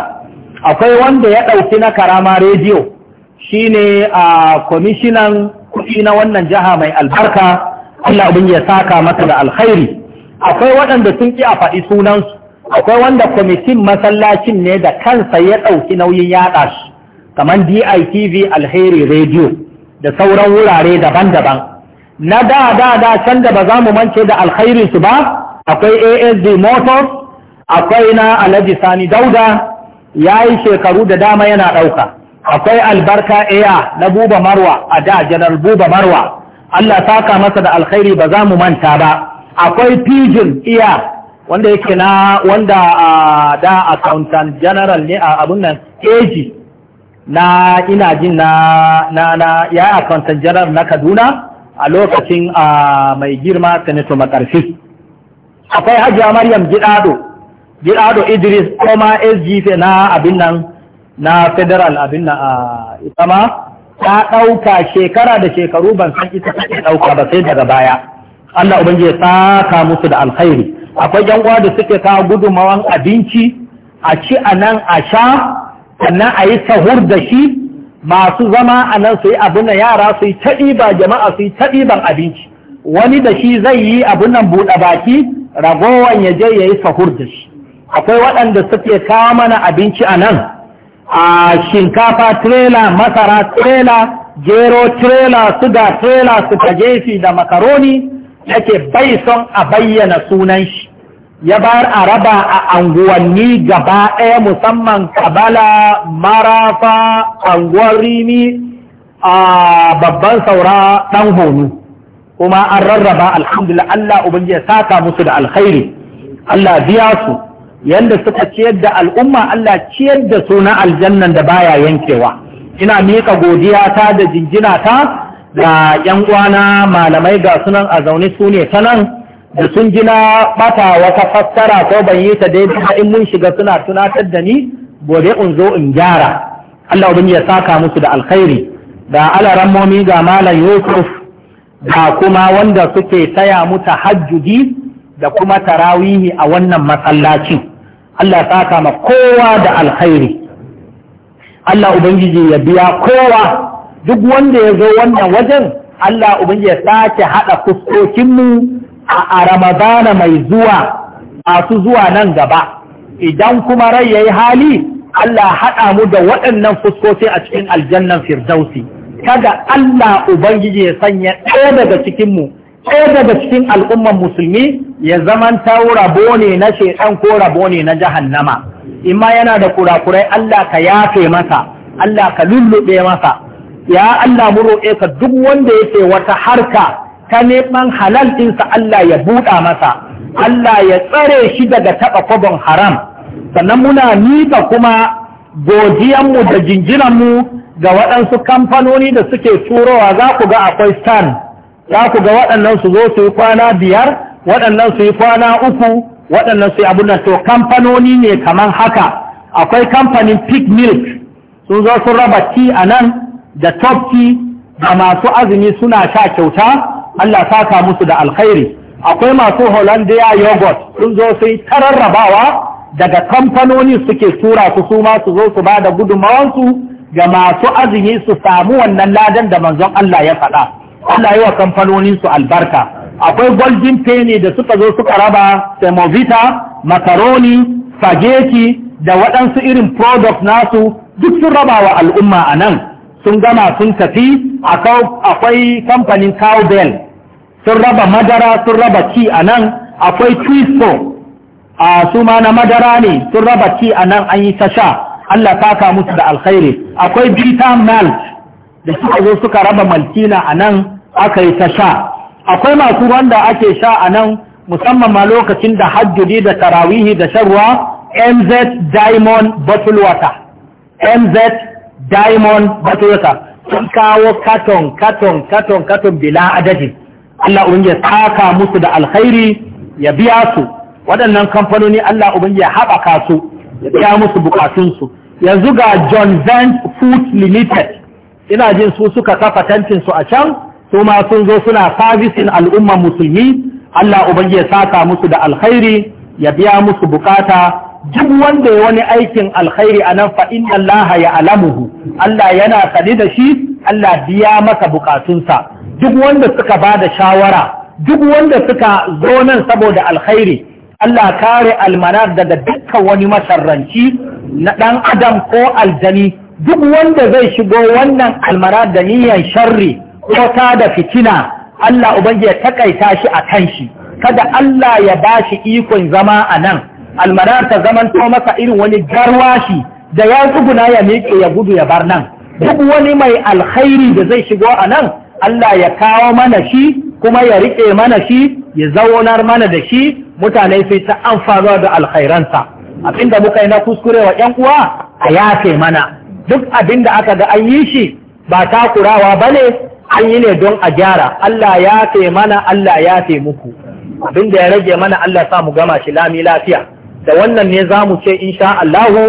akwai wanda ya ɗauki na karama rediyo shine a kwamishinan kuɗi na wannan jiha mai albarka Allah ya saka masa da alkhairi akwai waɗanda sun ƙi a faɗi sunansu akwai wanda kwamitin masallacin ne da kansa ya ɗauki nauyin yaɗa shi kamar DITV alheri radio da sauran wurare daban-daban na da da da can da ba za mu mance da su ba akwai ASD Motors akwai na Alhaji Sani Dauda ya yi shekaru da dama yana ɗauka akwai albarka air na Buba Marwa a da janar Buba Marwa Allah saka masa da alkhairi ba za mu manta ba akwai pigeon iya wanda yake na wanda da accountant general ne a abun nan AG na ina jin na na na ya accountant general na Kaduna a lokacin mai girma Senator Makarfi akwai Hajiya Maryam Gidado Gidado Idris kuma SGF na abin nan na federal abin na ita ma ta ɗauka shekara da shekaru ban san ita ta ɗauka ba sai daga baya Allah ubangiji ya saka musu da alkhairi akwai yan uwa da suke ka gudumawan abinci a ci a nan a sha sannan a yi sahur da shi masu zama a nan su yi abin da yara su yi taɗiba jama'a su yi taɗiban abinci wani da shi zai yi abin nan buɗe baki ragowan ya je ya yi sahur da shi akwai waɗanda suke kawo mana abinci a nan a shinkafa tirela masara tirela gero tirela suga tirela suka jefi da makaroni yake bai son a bayyana sunan shi ya bar a raba a anguwanni gaba ɗaya musamman kabala marafa anguwar rimi a babban saura ɗan honu kuma an rarraba alhamdulillah Allah ubangiji saka musu da alkhairi Allah biya su yanda suka ciyar da al'umma Allah ciyar da su na aljannan da baya yankewa ina miƙa godiya ta da jinjina ta da yan uwana malamai ga sunan a zaune su ne ta nan da sun ji na bata wata fassara ko ban yi ta daidai in mun shiga suna tunatar da ni gobe in zo in gyara Allah ubin ya saka musu da alkhairi da alaran momi ga malam Yusuf da kuma wanda suke taya mu hajjudi da kuma tarawihi a wannan masallacin Allah saka ma kowa da alkhairi Allah ubangiji ya biya kowa duk wanda ya zo wannan wajen Allah ubangi ya sake haɗa fuskokinmu a ramadana mai zuwa masu zuwa nan gaba idan kuma rai yayi hali Allah haɗa mu da waɗannan fuskoki a cikin aljannan firdausi kada Allah ubangiji ya sanya ɗaya daga cikinmu ɗaya daga cikin al'umman musulmi ya zaman rabo ne na shaidan ko rabo ne na jahannama imma yana da kurakurai Allah ka yafe masa Allah ka lulluɓe masa ya Allah mu roƙe ka duk wanda yake wata harka ta neman halal ɗinsa Allah ya buɗa masa Allah ya tsare shi daga taɓa kwabon haram sannan muna miƙa kuma godiyanmu da jinjinanmu ga waɗansu kamfanoni da suke turowa za ku ga akwai stan za ku ga waɗannan su zo su yi kwana biyar waɗannan su yi kwana uku waɗannan su yi abu na to kamfanoni ne kamar haka akwai kamfanin pig milk sun zo sun raba ti a nan da tafki da masu azumi suna sha kyauta Allah ta saka musu da alkhairi akwai masu Hollandia yogurt sun zo sai tararrabawa daga kamfanoni suke tura su su ma su zo su ba da gudumawansu ga masu azumi su samu wannan ladan da manzon Allah ya faɗa Allah yi wa kamfanonin su albarka akwai golden penny da suka zo suka raba semovita macaroni spaghetti da waɗansu irin product nasu duk sun raba wa al'umma a nan sun gama sun tafi akwai kamfanin cowbell sun raba madara sun raba ci a nan akwai twisto a su ma na madara ne sun raba ci a nan an yi ta sha Allah taka musu da alkhairi akwai bita malt da suka zo suka raba maltina a nan aka yi ta sha akwai masu wanda ake sha a nan musamman ma lokacin da hajjudi da tarawihi da sharwa mz diamond bottle water mz diamond baturka sun kawo katon katon katon katon bila adadi Allah ubangi ya saka musu da alkhairi ya biya su waɗannan kamfanoni Allah ubangi ya haɓaka su ya biya musu bukatunsu yanzu ga John Vance Food Limited ina jin su suka kafa tantin su a can su ma sun zo suna sabisin al'umman musulmi Allah ubangi ya saka musu da alkhairi ya biya musu bukata duk wanda ya wani aikin alkhairi a nan fa inna Allah ya alamuhu Allah yana sani da shi Allah biya masa bukatunsa duk wanda suka ba da shawara duk wanda suka zo nan saboda alkhairi Allah kare almanar daga dukkan wani masarranci na ɗan adam ko aljani duk wanda zai shigo wannan almanar da niyyar sharri ko ta da fitina Allah ubangi ya takaita shi a kan shi kada Allah ya bashi ikon zama a nan almanar ta zamanto masa irin wani garwashi da ya tsuguna ya miƙe ya gudu ya bar nan duk wani mai alkhairi da zai shigo a nan Allah ya kawo mana shi kuma ya riƙe mana shi ya zaunar mana da shi mutane sai ta amfanuwa da alkhairansa da muka yi na kuskure wa ‘yan uwa a yafe mana duk abin da aka ga an yi shi ba takurawa ba ne an yi ne don a gyara Allah ya mana Allah ya muku. muku abinda ya rage mana Allah sa mu gama shi lami lafiya da wannan ne za mu ce insha Allahu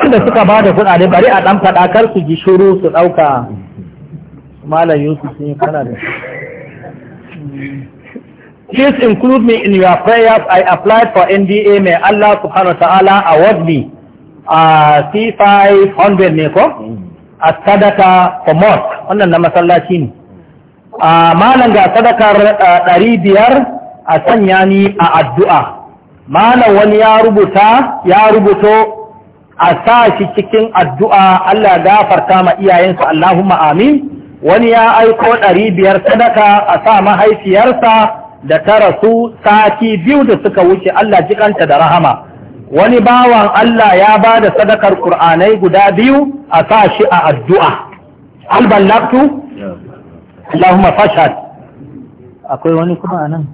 wanda suka ba da kuɗaɗe bari a ɗan faɗa kar su ji shuru su ɗauka Malam Yusuf sun yi kana da Please include me in your prayers. I applied for NDA. May Allah subhanahu wa ta'ala award me a uh, C500 ne ko? A sadaka for mosque. Wannan na masallaci ne. A uh, malam ga sadakar uh, ɗari biyar a sanya ni a addu'a. malam wani ya rubuta ya rubuto a sa shi cikin addu'a Allah gafarta ma iyayensa Allahumma amin wani ya aiko ɗari biyar sadaka a sa mahaifiyarsa da ta rasu sati biyu da suka wuce Allah jikanta da rahama wani bawan Allah ya ba da sadakar ƙur'anai guda biyu a sa shi a addu'a Laktu? Allahumma fashad akwai wani kuma nan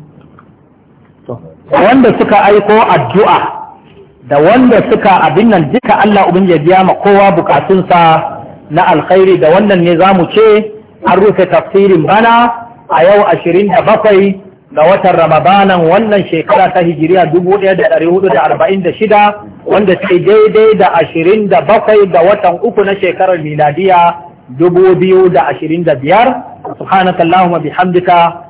wanda suka aiko addu'a da wanda suka abin nan duka Allah ubin ya biya ma kowa bukatunsa na alkhairi da wannan ne za mu ce an rufe tafsirin bana a yau ashirin da bakwai ga watan Ramadanan wannan shekara ta hijiriya shida, wanda ta daidai da ashirin da bakwai ga watan uku na shekarar miladiya biyar. subhanakallahumma bihamdika